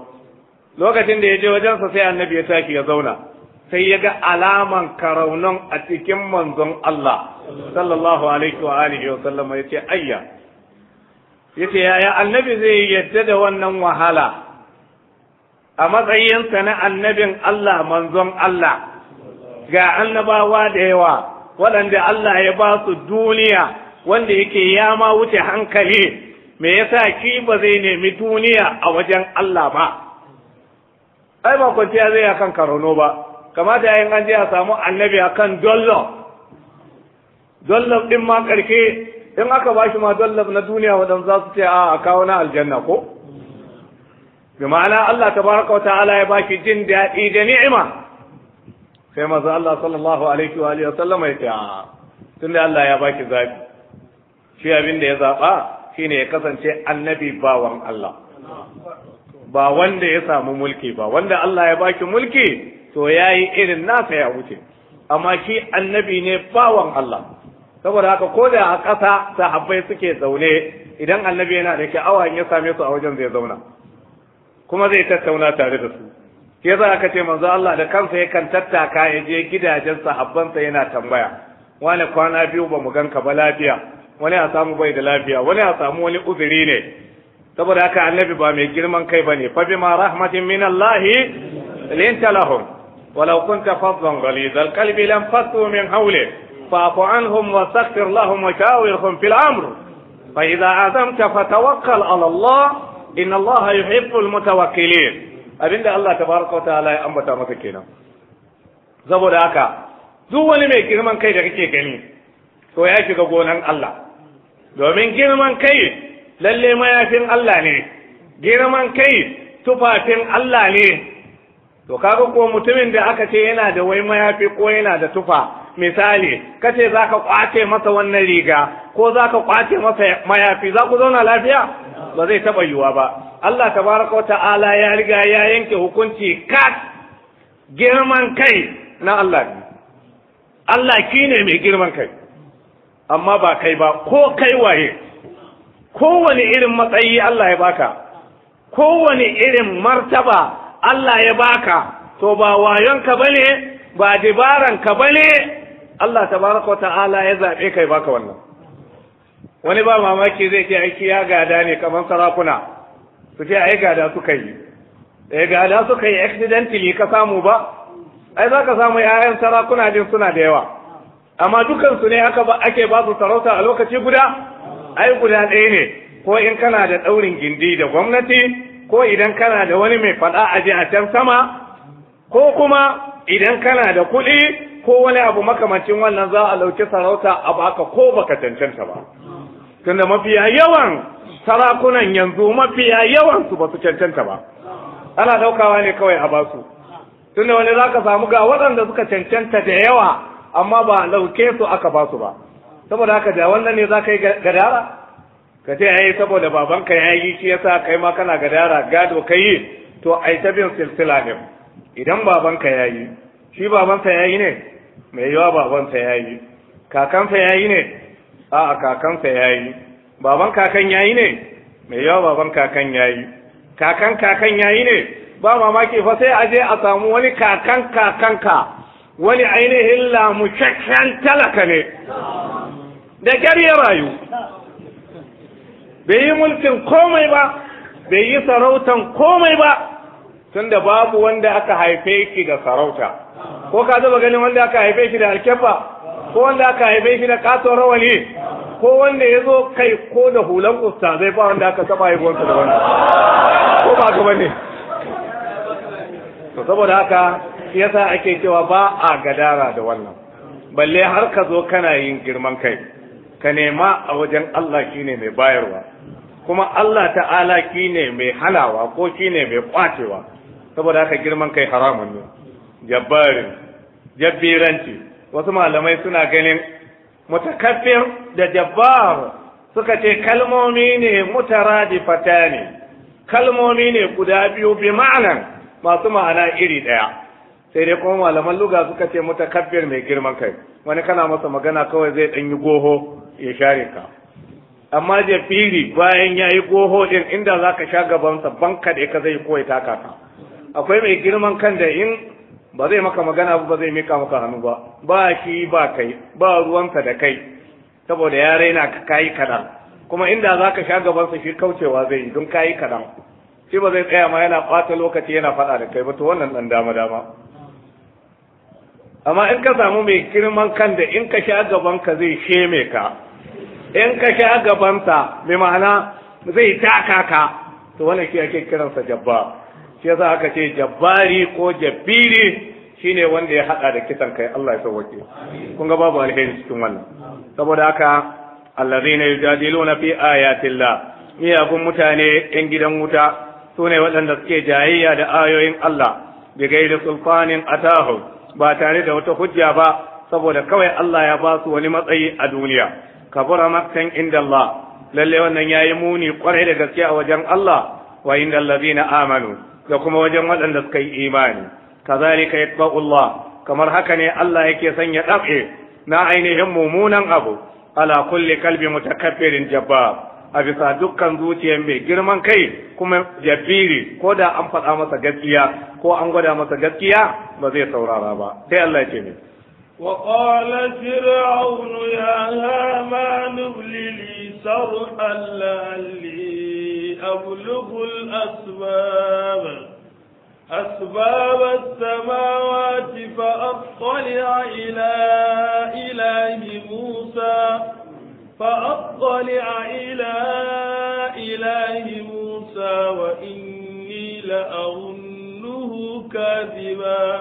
lokacin da ya je wajen sa sai annabi ya saki ya zauna sai ya ga alaman karaunan a cikin manzon Allah sallallahu alaihi wa alihi wa sallama yace ayya yace yaya annabi zai yadda da wannan wahala a matsayinsa na annabin Allah manzon Allah ga annabawa da yawa waɗanda Allah ya ba su duniya wanda yake ya ma wuce hankali me yasa ki ba zai nemi duniya a wajen Allah ba ai ba kwanciya zai akan karono ba kamata yayin an je a samu annabi a kan dollar dollar din ma karke in aka bashi ma dollar na duniya wadan za su ce a a kawo na aljanna ko bi ma'ana Allah tabaraka wa ta'ala ya baki jin daɗi da ni'ima sai maza Allah sallallahu alaihi wa alihi wa sallama ya ce a tunda Allah ya baki zabi shi abin da ya zaba shine ya kasance annabi bawan Allah ba wanda ya samu mulki ba wanda Allah ya baki mulki to yayi irin nasa ya wuce amma shi annabi ne bawan Allah saboda haka ko da a ƙasa sahabbai suke zaune idan annabi yana da sha'awa in ya same su a wajen zai zauna kuma zai tattauna tare da su ke za ka ce manzo Allah da kansa ya kan tattaka ya je gidajen sahabbansa yana tambaya wani kwana biyu ba mu ganka ba lafiya wani a samu bai da lafiya wani a samu wani uzuri ne saboda haka annabi ba mai girman kai bane fa bima rahmatin min Allah linta lahum ولو كنت فظا غليظ القلب لانفضوا من حولك فاعف عنهم واستغفر لهم وشاورهم في الامر فاذا عزمت فتوكل على الله ان الله يحب المتوكلين abin da Allah tabaraka wa ta'ala ya ambata kenan saboda haka duk wani mai girman kai da kake gani to ya shiga gonan Allah domin girman kai lalle mayafin Allah ne girman kai tufafin Allah ne to kaga ko mutumin da aka ce yana da wai mayafi ko yana da tufa misali kace zaka kwace masa wannan riga ko zaka kwace masa mayafi za ku zauna lafiya ba zai taba yiwuwa ba Allah tabaraka wa ta'ala ya riga ya yanke hukunci ka girman kai na Allah Allah kine mai girman kai amma ba kai ba ko kai waye kowane irin matsayi Allah ya baka kowane irin martaba Allah ya baka to ba wayonka bane ba ka bane Allah tabaraka ta'ala ya zabe kai baka wannan wani ba mamaki zai ce aiki ya gada ne kamar sarakuna su ce ai gada suka yi eh gada suka yi accidentally ka samu ba ai za ka samu 'ya'yan sarakuna din suna da yawa amma dukansu ne aka ake ba su sarauta a lokaci guda ai guda ɗaya ne ko in kana da ɗaurin gindi da gwamnati ko idan kana da wani mai faɗa a ji a can sama ko kuma idan kana da kuɗi ko wani abu makamancin wannan za a lauke sarauta a baka ko baka cancanta ba tunda mafiya yawan sarakunan yanzu mafiya yawan su ba su cancanta ba ana ɗaukawa ne kawai a basu tunda wani za ka samu ga waɗanda suka cancanta da yawa amma ba lauke su aka basu ba saboda haka da wannan ne za ka yi gadara ka ce ai saboda babanka yayi shi yasa kai ma kana ga dara, gado kai to ai ta bin silsila ne idan babanka yayi shi babansa yayi ne mai yawa babansa yayi kakansa yayi ne a'a kakansa yayi baban kakan yayi ne mai yawa baban kakan yayi kakan kakan yayi ne ba mamaki fa sai aje a samu wani kakan kakanka wani ainihin lamucakken talaka ne da kyar ya rayu bai yi mulkin komai ba bai yi sarautan komai ba tunda babu wanda aka haife shi da sarauta ko ka zaba ganin wanda aka haife shi da alkefa ko wanda aka haife shi da katon rawani ko wanda ya zo kai ko da hulan usta zai ba wanda aka saba haihuwarsa da wani ko ba ka bane to saboda haka yasa ake cewa ba a gadara da wannan balle har ka zo kana yin girman kai ka nema a wajen Allah shine mai bayarwa kuma Allah ta'ala ne mai halawa ko shine mai kwacewa saboda aka girman kai haramun ne jabbarin jabbiranci wasu malamai suna ganin mutakaffir da jabbar suka ce kalmomi ne mutaradifata ne kalmomi ne guda biyu bi ma'anan masu ma'ana iri ɗaya sai dai kuma malaman luga suka ce mutakabbir mai girman kai wani kana masa magana kawai zai ɗanyi yi goho ya share ka amma jafiri bayan ya yi goho ɗin inda za ka sha gabansa banka da ka zai koyi taka ka akwai mai girman kan da in ba zai maka magana ba zai mika maka hannu ba ba shi ba kai ba ruwanka da kai saboda ya raina ka kayi kaɗan kuma inda za ka sha gabansa shi kaucewa zai yi don kayi kaɗan shi ba zai tsaya ma yana ɓata lokaci yana faɗa da kai ba to wannan ɗan dama dama amma in ka samu mai girman kan da in ka sha gabanka zai sheme ka in ka sha gabansa mai ma'ana zai taka ka to wannan shi ake kiransa jabba shi yasa aka ce jabbari ko jabbiri shine wanda ya hada da kisan kai Allah ya sauke kun ga babu alheri cikin wannan saboda haka allazina yujadiluna fi ayatillah miyagun mutane yan gidan wuta sune waɗanda suke jayayya da ayoyin Allah bi gairi sulfanin atahum ba tare da wata hujja ba saboda kawai Allah ya ba su wani matsayi a duniya kabura maktan inda Allah lalle wannan yayi muni kwarai da gaske a wajen Allah wa inda allazina amanu da kuma wajen waɗanda suka yi imani kazalika yatba'u Allah kamar haka ne Allah yake sanya dafe na ainihin mumunan abu ala kulli kalbi mutakabbirin jabbar a bisa dukkan zuciyar mai girman kai kuma jabiri ko da an faɗa masa gaskiya ko an gwada masa gaskiya ba zai saurara ba sai Allah ya ce ne وقال فرعون يا هامان ابن لي صرحا لعلي أبلغ الأسباب أسباب السماوات فأطلع إلى إله موسى فأطلع إلى إله موسى وإني لأظنه كاذبا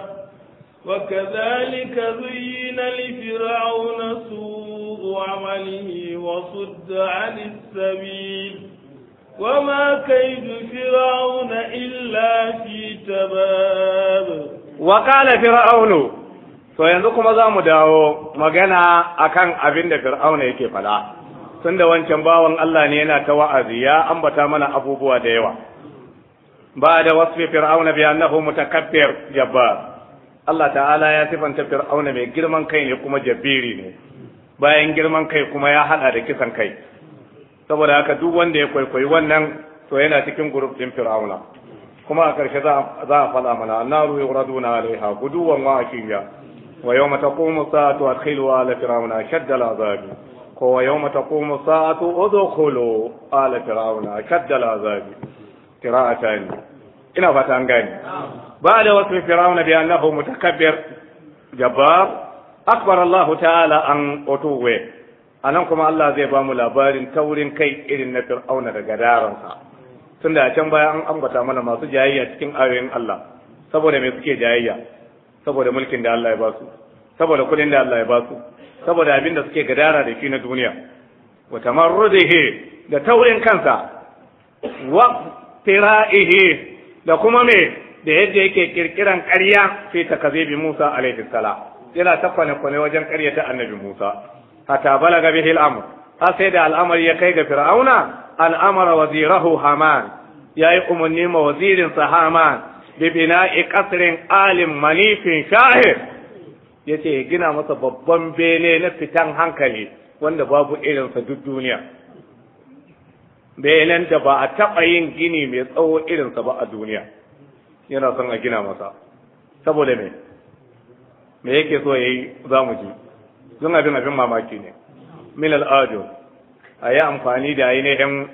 وكذلك زين لفرعون سوء عمله وصد عن السبيل وما كيد فرعون إلا في تباب وقال فرعون to yanzu kuma za mu dawo magana a kan abin da fir'auna yake fada tun da wancan bawan Allah ne yana ta wa'azi ya ambata mana abubuwa da yawa ba da fi fir'auna bi ta kaffir jabbar Allah ta'ala ya sifanta fir'auna mai girman kai ne kuma jabiri ne bayan girman kai kuma ya haɗa da kisan kai saboda haka duk wanda ya kwaikwayi wannan to yana cikin guruf din fir'auna kuma a ƙarshe za a faɗa mana annaru yuraduna alaiha guduwan wa akiya a تقوم الساعة أدخلوا آل فرعون أشد العذاب ويوم تقوم الساعة أدخلوا آل فرعون أشد العذاب قراءتان إن فتنقاني بعد وصف فرعون بأنه متكبر جبار أخبر الله تعالى عن أتوه anan kuma Allah zai ba mu labarin taurin kai irin na fir'auna da gadaransa tunda a can baya an ambata mana masu jayayya cikin ayoyin Allah saboda me suke jayayya saboda mulkin da Allah ya ba su saboda kudin da Allah ya ba su saboda abin da suke gadara da shi na duniya wa tamarrudihi da taurin kansa wa tira'ihi da kuma me da yadda yake kirkiran ƙarya fi takazibi Musa alaihi salam yana ta kwane wajen ta annabi Musa hatta balaga bihi al har sai da al'amari ya kai ga fir'auna al'amara wazirahu haman yayi umarnin ma wazirin sa haman bibina'i kasrin alim manifin shahir ya ce ya gina masa babban bene na fitan hankali wanda babu irinsa duk duniya benen da ba a taɓa yin gini mai tsawo irinsa ba a duniya yana son a gina masa saboda me me yake so ya yi za mu ji don abin abin mamaki ne min al'adu a yi amfani da yi ne ainihin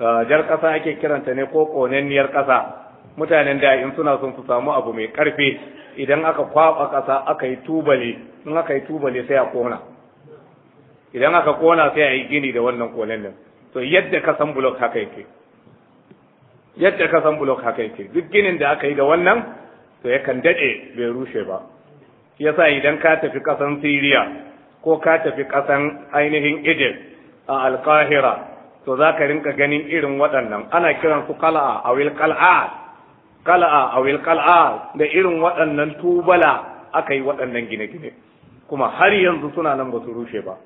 ah, jar ƙasa ake kiranta ne ko ƙonanniyar ƙasa mutanen da in suna son su samu abu mai karfi idan aka kwaba kasa aka yi tubale in aka yi tubale sai a kona idan aka kona sai a yi gini da wannan kolen nan to yadda ka san block haka yake yadda ka san block haka yake duk ginin da aka yi da wannan to yakan dade bai rushe ba yasa idan ka tafi kasan Syria ko ka tafi kasan ainihin Egypt a Al-Qahira to za ka rinka ganin irin waɗannan ana kiransu kala'a a wil Kala a awil qal'a da irin waɗannan tubala aka yi waɗannan gine-gine kuma har yanzu suna nan ba su rushe ba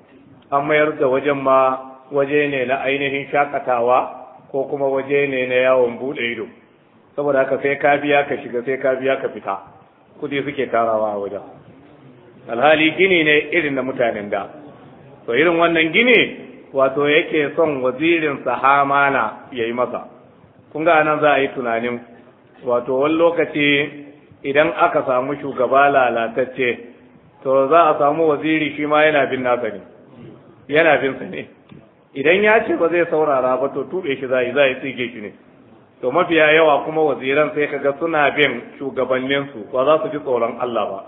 an mayar da wajen ma waje ne na ainihin shakatawa ko kuma waje ne na yawon buɗe ido saboda haka sai ka biya ka shiga sai ka biya ka fita kudi suke tarawa a wajen alhali gini ne irin na mutanen da to irin wannan gini wato yake son wazirin sahamana ya yi masa kun ga nan za a yi tunanin wato wani lokaci idan aka samu shugaba lalatacce to za a samu waziri shi ma yana bin nasa ne yana bin sa ne idan ya ce ba zai saurara ba to tube shi zai zai tsige shi ne to mafiya yawa kuma waziran sai kaga suna bin shugabannin su ba za su ji tsoron Allah ba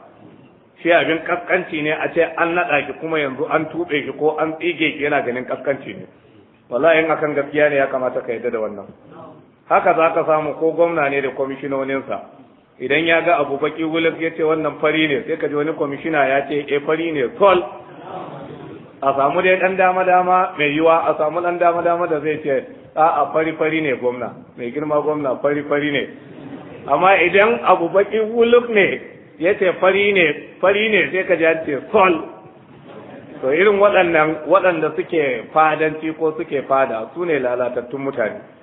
shi abin kaskanci ne a ce an naɗa ki kuma yanzu an tube shi ko an tsige ki yana ganin kaskanci ne wallahi in akan gaskiya ne ya kamata ka yarda da wannan haka za ka samu ko gwamna ne da kwamishinoninsa idan ya ga abu baki wulif ya ce wannan fari ne sai ka ji wani kwamishina ya ce e fari ne sol a samu dai ɗan dama dama mai yiwa a samu ɗan dama dama da zai ce a a fari fari ne gwamna mai girma gwamna fari fari ne amma idan abu baki wulif ne ya ce fari ne fari ne sai ka ji ya ce sol to irin waɗannan waɗanda suke fadanci ko suke fada su ne lalatattun mutane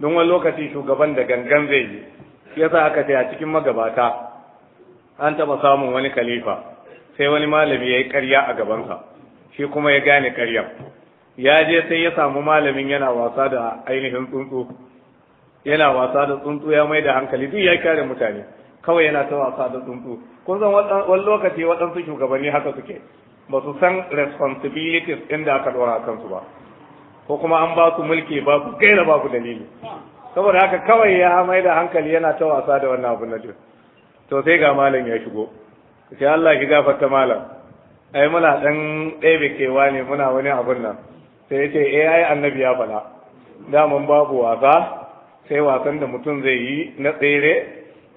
don wani lokaci shugaban da gangan zai yi yasa aka ce a cikin magabata an taba samun wani kalifa, sai wani malami ya yi karya a gabansa shi kuma ya gane karya ya je sai ya samu malamin yana wasa da ainihin tsuntsu yana wasa da tsuntsu ya mai da hankali duk ya kare mutane kawai yana ta wasa da tsuntsu kun san wani lokaci waɗansu shugabanni haka suke ba su san responsibilities inda aka ɗora kansu ba ko kuma an ba ku mulki ba ku gaira ba ku dalili saboda haka kawai ya mai da hankali yana ta wasa da wannan abun na to sai ga malam ya shigo sai Allah ki gafarta malam ai muna dan ɗebe kewa ne muna wani abun nan sai ya ce eh ai annabi ya faɗa daman babu wasa sai wasan da mutum zai yi na tsere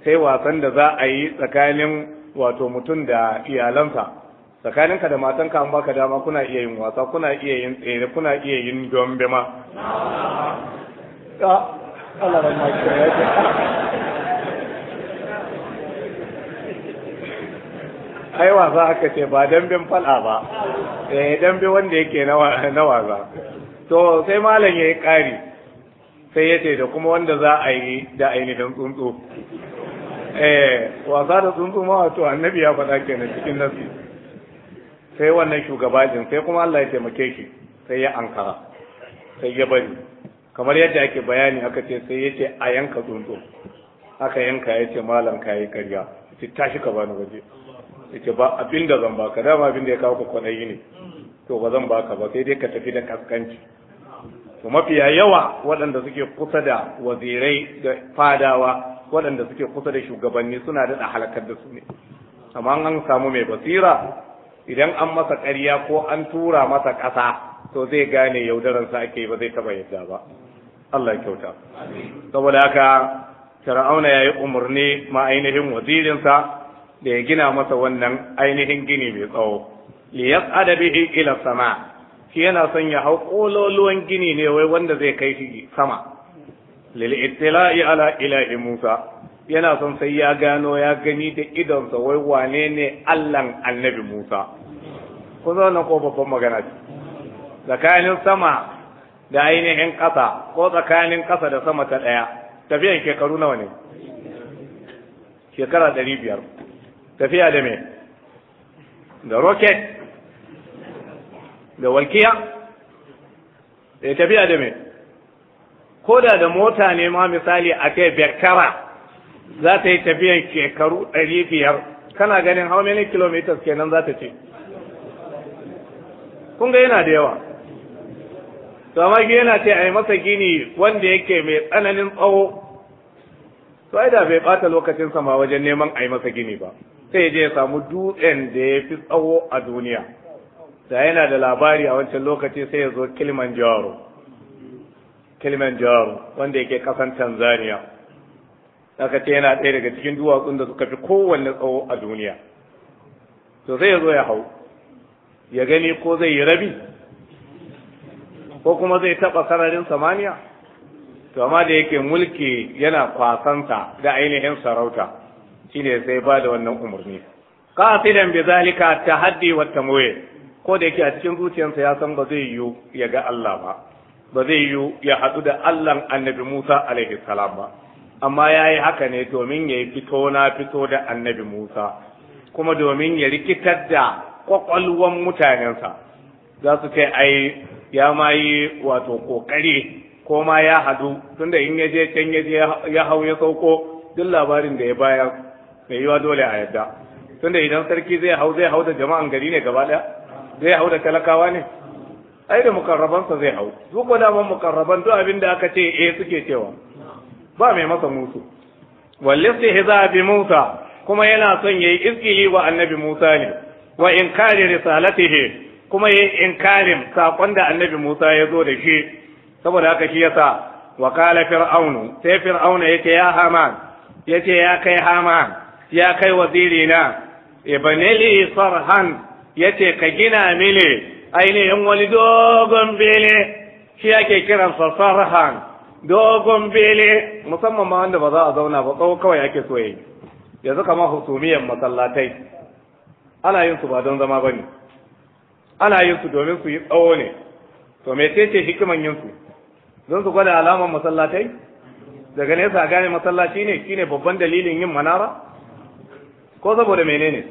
sai wasan da za a yi tsakanin wato mutum da iyalansa tsakaninka da matanka an baka dama kuna iya yin wasa kuna iya yin tsere kuna iya yin dombe ma ah, ai wasa aka ce ba damben fal'a ba eh dambe wanda yake na wasa to sai malam ya yi ƙari sai ya ce da kuma wanda za a yi da ainihin tsuntsu eh wasa da tsuntsu ma wato annabi ya faɗa kenan cikin nasi sai wannan shugaba din sai kuma Allah ya taimake shi sai ya ankara sai ya bari kamar yadda ake bayani aka ce sai yace a yanka tsuntsu aka yanka ya ce malam ka yi karya tashi ka bani waje Yace ba abin da zan baka dama abin da ya kawo ka kwanayi ne to ba zan baka ba sai dai ka tafi da kaskanci to mafiya yawa waɗanda suke kusa da wazirai da fadawa waɗanda suke kusa da shugabanni suna daɗa halakar da su ne amma an samu mai basira idan an masa ƙarya ko an tura masa ƙasa to zai gane yaudararsa ake ba zai taɓa yadda ba Allah ya kyauta saboda haka Fir'auna ya yi umarni ma ainihin wazirinsa da ya gina masa wannan ainihin gini mai tsawo li yas'ada bihi ila sama shi yana son ya hau kololuwan gini ne wai wanda zai kai shi sama lil ittila'i ala ilahi Musa yana son sai ya gano ya gani da idonsa wai wane ne Allahn annabi Musa ko zo na ko babban magana ce tsakanin sama da ainihin ƙasa ko tsakanin ƙasa da sama ta ɗaya tafiyan shekaru nawa ne shekara ɗari biyar tafiya da me da roket? da walkiya da eh, tafiya da me ko da da mota ne ma misali a kai bekara za ta yi tafiyan shekaru ɗari biyar kana ganin how many kilometers kenan za ta ce kun ga yana da yawa to amma yana ce a yi masa gini wanda yake mai tsananin tsawo to ai da bai bata lokacin sama wajen neman a yi masa gini ba sai je ya samu dutsen da ya fi tsawo a duniya da yana da labari a wancan lokaci sai ya zo kilimanjaro kilimanjaro wanda yake kasan tanzania aka ce yana ɗaya daga cikin duwatsun da suka fi kowanne tsawo a duniya to sai ya zo ya hau ya gani ko zai yi rabi ko kuma zai taɓa sararin samaniya to amma da yake mulki yana kwasanta da ainihin sarauta shine sai ba da wannan umarni qasidan bi zalika tahaddi wa tamwil ko da yake a cikin zuciyarsa ya san ba zai yiwu ya ga Allah ba ba zai yiwu ya haɗu da Allah annabi Musa alaihi salam ba amma ya yi haka ne domin ya fito na fito da annabi Musa kuma domin ya rikitar da kwakwalwan mutanensa za su ce ai ya ma yi wato kokari ko ma ya hadu tunda in ya je can ya je ya hau ya sauko duk labarin da ya bayar mai yiwa dole a yadda tunda idan sarki zai hau zai hau da jama'an gari ne gaba daya zai hau da talakawa ne ai da mukarrabansa zai hau Duk ko daman mukarraban duk abin da aka ce eh suke cewa ba mai masa musu wallahi hiza bi Musa kuma yana son yayi izkili wa annabi Musa ne wa inkari risalatihi kuma yayi inkarin sakon da annabi Musa ya zo da shi saboda haka shi yasa wa qala fir'aunu sai fir'auna yake ya haman yace ya kai haman ya kai waziri na ibnili sarhan yace ka gina mini ainihin wani dogon bele shi ake kiransa sarhan dogon bele musamman ma wanda ba za a zauna ba tsawo kawai ake so yi yanzu kamar hutumiyar masallatai ana yin su ba don zama ba ne ana yin su domin su yi tsawo ne to me ce ce hikiman yin su don su gwada alaman masallatai daga nesa gane masallaci ne shine babban dalilin yin manara ko saboda menene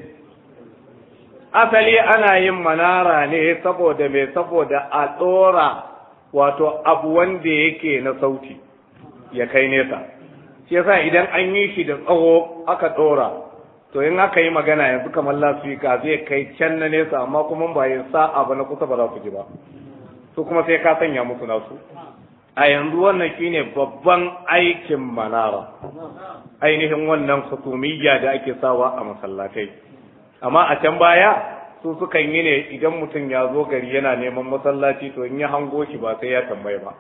asali ana yin manara ne saboda me saboda a tsora wato abu wanda yake na sauti ya kai nesa shi yasa idan an yi shi da tsawo aka tsora to in aka yi magana yanzu kamar lasfika zai kai can na nesa amma kuma ba yin sa'a ba na kusa ba za su ji ba su kuma sai ka sanya musu nasu a yanzu wannan shine babban aikin manara ainihin wannan hukumiyya da ake sawa a masallatai amma a can baya su sukan yi ne idan mutum ya zo gari yana neman masallaci to in ya hango shi ba sai ya tambaye ba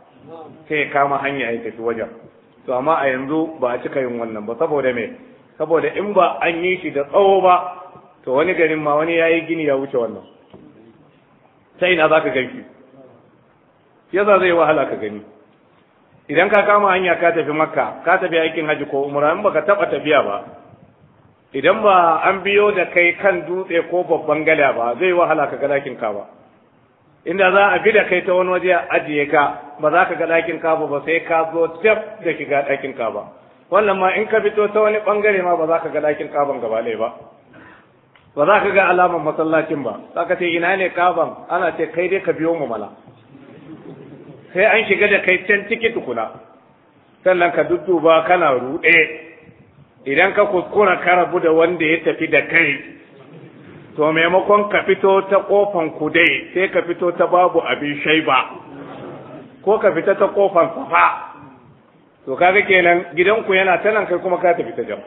sai ya kama hanya ya tafi wajen to amma a yanzu ba a cika yin wannan ba saboda me saboda in ba an yi shi da tsawo ba to wani garin ma wani yayi gini ya wuce wannan sai ina zaka ganki yasa zai wahala ka gani idan ka kama hanya ka tafi makka ka tafi aikin haji ko umra in baka taba tafiya ba idan ba an biyo da kai kan dutse ko babban gala ba zai wahala ka ga dakin ka ba inda za a bi da kai ta wani waje a ajiye ka ba za ka ga dakin ka ba sai ka zo tab da shiga dakin ka ba wannan ma in ka fito ta wani bangare ma ba za ka ga dakin kaban gaba ɗaya ba ba za ka ga alamar masallacin ba za ka ce ina ne kaban ana ce kai dai ka biyo mu mala sai an shiga da kai can ciki tukuna sannan ka dudduba kana ruɗe idan ka kuskura ka rabu da wanda ya tafi da kai to maimakon ka fito ta kofan kudai sai ka fito ta babu abin shaiba ko ka fita ta kofan safa to kaga kenan gidanku yana ta nan kai kuma ka tafi ta jam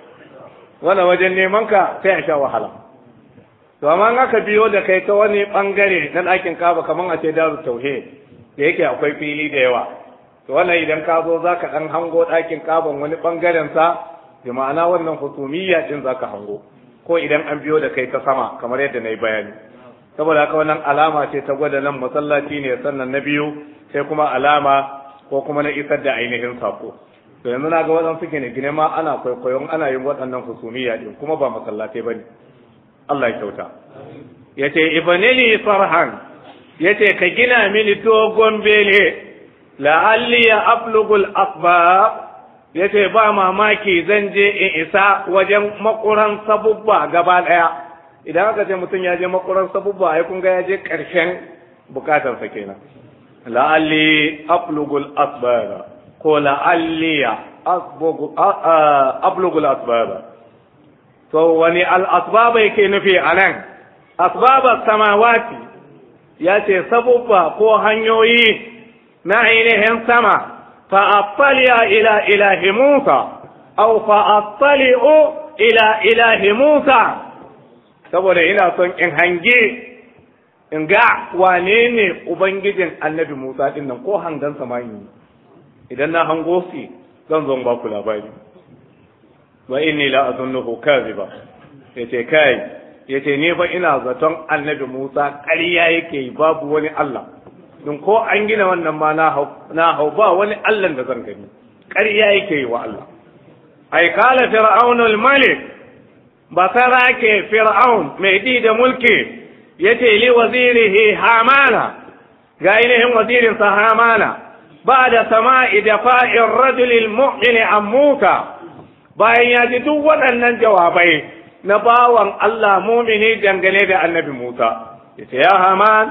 wannan wajen neman ka sai a sha wahala to amma in aka biyo da kai ta wani bangare na ɗakin kaba kamar a ce daru tauhid da yake akwai fili da yawa to wannan idan ka zo za ka ɗan hango ɗakin kaban wani bangaren sa da ma'ana wannan hutumiyya din za ka hango ko idan an biyo da kai ta sama kamar yadda na yi bayani saboda haka wannan alama ce ta gwada nan masallaci ne sannan na biyu sai kuma alama ko kuma na isar da ainihin sako to yanzu na ga waɗansu ke gine ma ana kwaikwayon ana yin waɗannan husumiyya ɗin kuma ba masallatai ba ne Allah ya kyauta ya ce ibanili farhan ya ce ka gina mini dogon bele. la'alli ya aflugul asbab ya ce ba mamaki zan je in isa wajen makuran sabubba gaba ɗaya idan aka ce mutum ya je makuran sabubba ai kun ya je ƙarshen bukatarsa kenan la'alli aflugul asbab ko la'alliya ablugul asbaba to wani al'asbaba yake nufi anan? nan asbaba samawati ya ce sabubba ko hanyoyi na ainihin sama fa'attaliya ila ilahi musa au fa'attali'u ila ilahi musa saboda ina son in hangi in ga wane ne ubangijin annabi musa ɗin ko hangansa ma idan na hango shi zan zo ba ku labari wa inni la azunnuhu kadhiba yace kai yace ni fa ina zaton annabi Musa ƙarya yake babu wani Allah don ko an gina wannan ma na hau na hau ba wani Allah da zan gani ƙarya yake yi wa Allah ai kala fir'aun al-malik ba fir'aun mai di da mulki yace li wazirihi hamana ga ainihin wazirin sa hamana بعد سماء دفاع الرجل المؤمن عموك bayan ya ji duk waɗannan jawabai na bawan Allah mumini dangane da annabi Musa yace ya Haman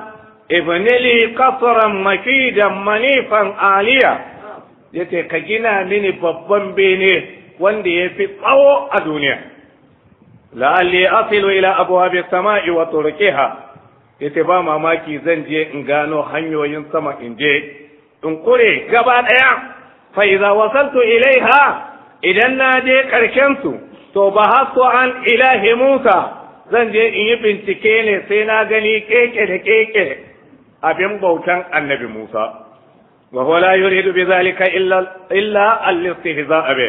ibnili qasran da manifan aliya yace ka gina mini babban bene wanda ya fi tsawo a duniya la'alli asilu ila abwabi sama'i wa turkiha yace ba mamaki zan je in gano hanyoyin sama in je in kure gaba ɗaya fa idza wasaltu ilaiha idan na je ƙarshen su to bahastu an ilahi Musa zan je in yi bincike ne sai na gani keke da keke abin bautan annabi Musa wa huwa la yuridu bi zalika illa illa al-istihza'a bi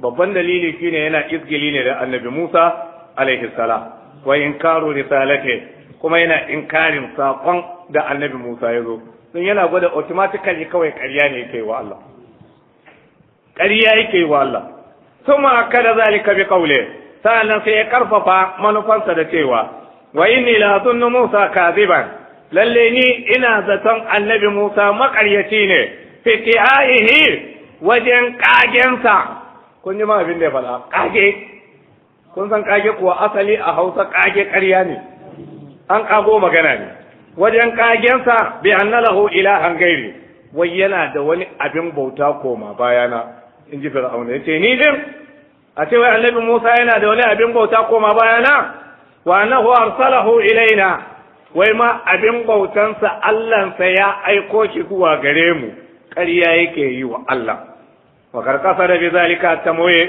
babban dalili shine yana izgili ne da annabi Musa alaihi salam wa inkaru risalati kuma yana inkarin saƙon da annabi Musa ya zo sun yana gwada automatically kawai ƙarya ne yake wa Allah ƙarya yake wa Allah thumma kada zalika bi qawli sa'annan sai ya karfafa manufansa da cewa wa inni la Musa Kaziban? lalle ni ina zaton annabi Musa maƙaryaci ne fitiaihi wajen kagensa kun ji ma abin da ya faɗa kage kun san kage kuwa asali a Hausa kage ƙarya ne an kago magana ne wajen kagensa bi anna lahu ilahan gairi wai yana da wani abin bauta koma bayana in ji fir'auna yace ni din a ce wai annabi Musa yana da wani abin bauta koma bayana wa annahu arsalahu ilaina wai ma abin bautansa Allahnsa ya aiko shi zuwa gare mu ƙarya yake yi wa Allah wa karkasa da bi zalika tamoye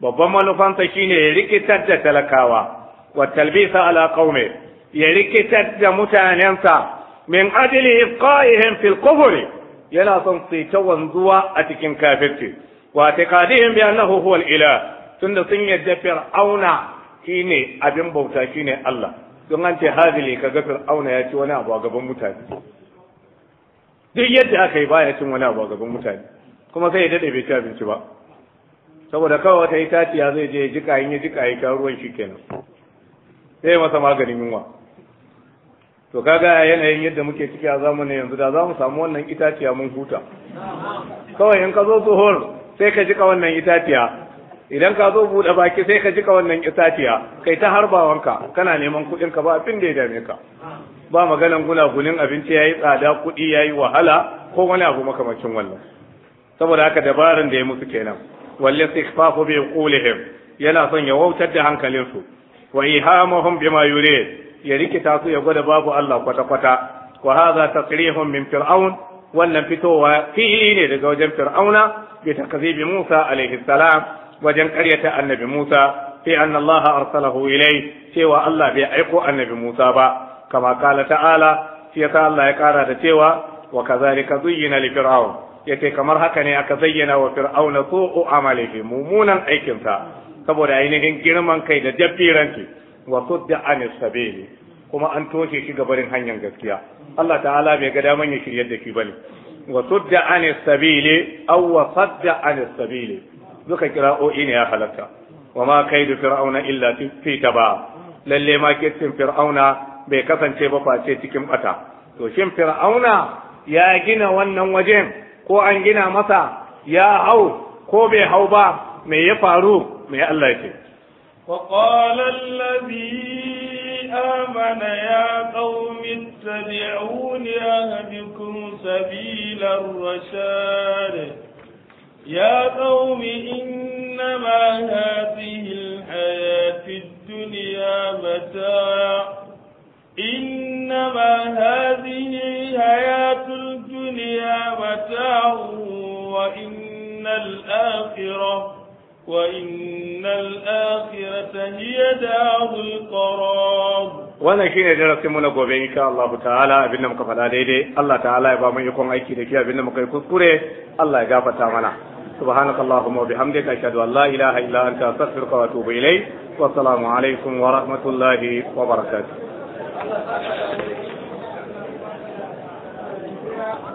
babban manufansa shine ya rikitar da talakawa wa talbisa ala qaumi ya rikitar da mutanensa min ajli ifqaihim fil kufri yana son su ta wanzuwa a cikin kafirci wa taqadihim bi annahu huwa al ilah tunda sun yadda fir'auna shine abin bauta shine Allah don an ce hazili kaga fir'auna ya ci wani abu a gaban mutane duk yadda aka yi baya cin wani abu a gaban mutane kuma sai ya dade bai ci abinci ba saboda kawai wata itaciya zai je jika in ya jika ya ruwan shi kenan sai masa maganin yunwa to kaga a yanayin yadda muke ciki a zamanin yanzu da za mu samu wannan itaciya mun huta kawai in ka zo tsohon sai ka jika wannan itaciya idan ka zo buɗe baki sai ka jika wannan itaciya kai ta harbawanka kana neman kuɗin ka ba abin da ya dame ka ba maganan gunagunin abinci yi tsada kuɗi yayi wahala ko wani abu makamacin wannan saboda haka dabaran da ya musu kenan walle sikfafu bi qulihim yana son ya wautar da hankalinsu wa ihamuhum bima yurid ya rikita su ya gwada babu Allah kwata-kwata wa hadha tasrihun min fir'aun wannan fitowa fili ne daga wajen fir'auna bi takzibi Musa alaihi salam wajen karyata annabi Musa fi anna Allah arsalahu ilai cewa Allah bai aiko annabi Musa ba kama kala ta'ala shi yasa Allah ya kara da cewa wa kazalika zuyyina li fir'aun yace kamar haka ne aka zayyana wa fir'auna su'u amalihi mumunan aikinsa saboda ainihin girman kai da jabbiranci wa sudda an sabili kuma an toshe shi ga barin hanyar gaskiya Allah ta'ala bai ga daman ya shiryar da shi bane wa sudda an sabili aw wa sadda an sabili duka kira'o'i ne ya halatta wa ma kaidu fir'auna illa fi taba lalle ma kittin fir'auna bai kasance ba face cikin bata to shin fir'auna ya gina wannan wajen ko an gina masa ya hau ko bai hau ba me ya faru me Allah ya ce وقال الذي آمن يا قوم اتبعون أهدكم سبيل الرشاد يا قوم إنما هذه الحياة الدنيا متاع إنما هذه الحياة الدنيا متاع وإن الآخرة وإن الآخرة هي دار القرار wannan shine darasin mu na gobe insha Allah ta'ala abinda muka faɗa daidai Allah ta'ala ya ba mu ikon aiki da ke abinda muka yi kuskure Allah ya gafata mana subhanakallahumma wa bihamdika ashhadu an la ilaha illa anta astaghfiruka wa atubu ilayk wa alaikum wa rahmatullahi wa barakatuh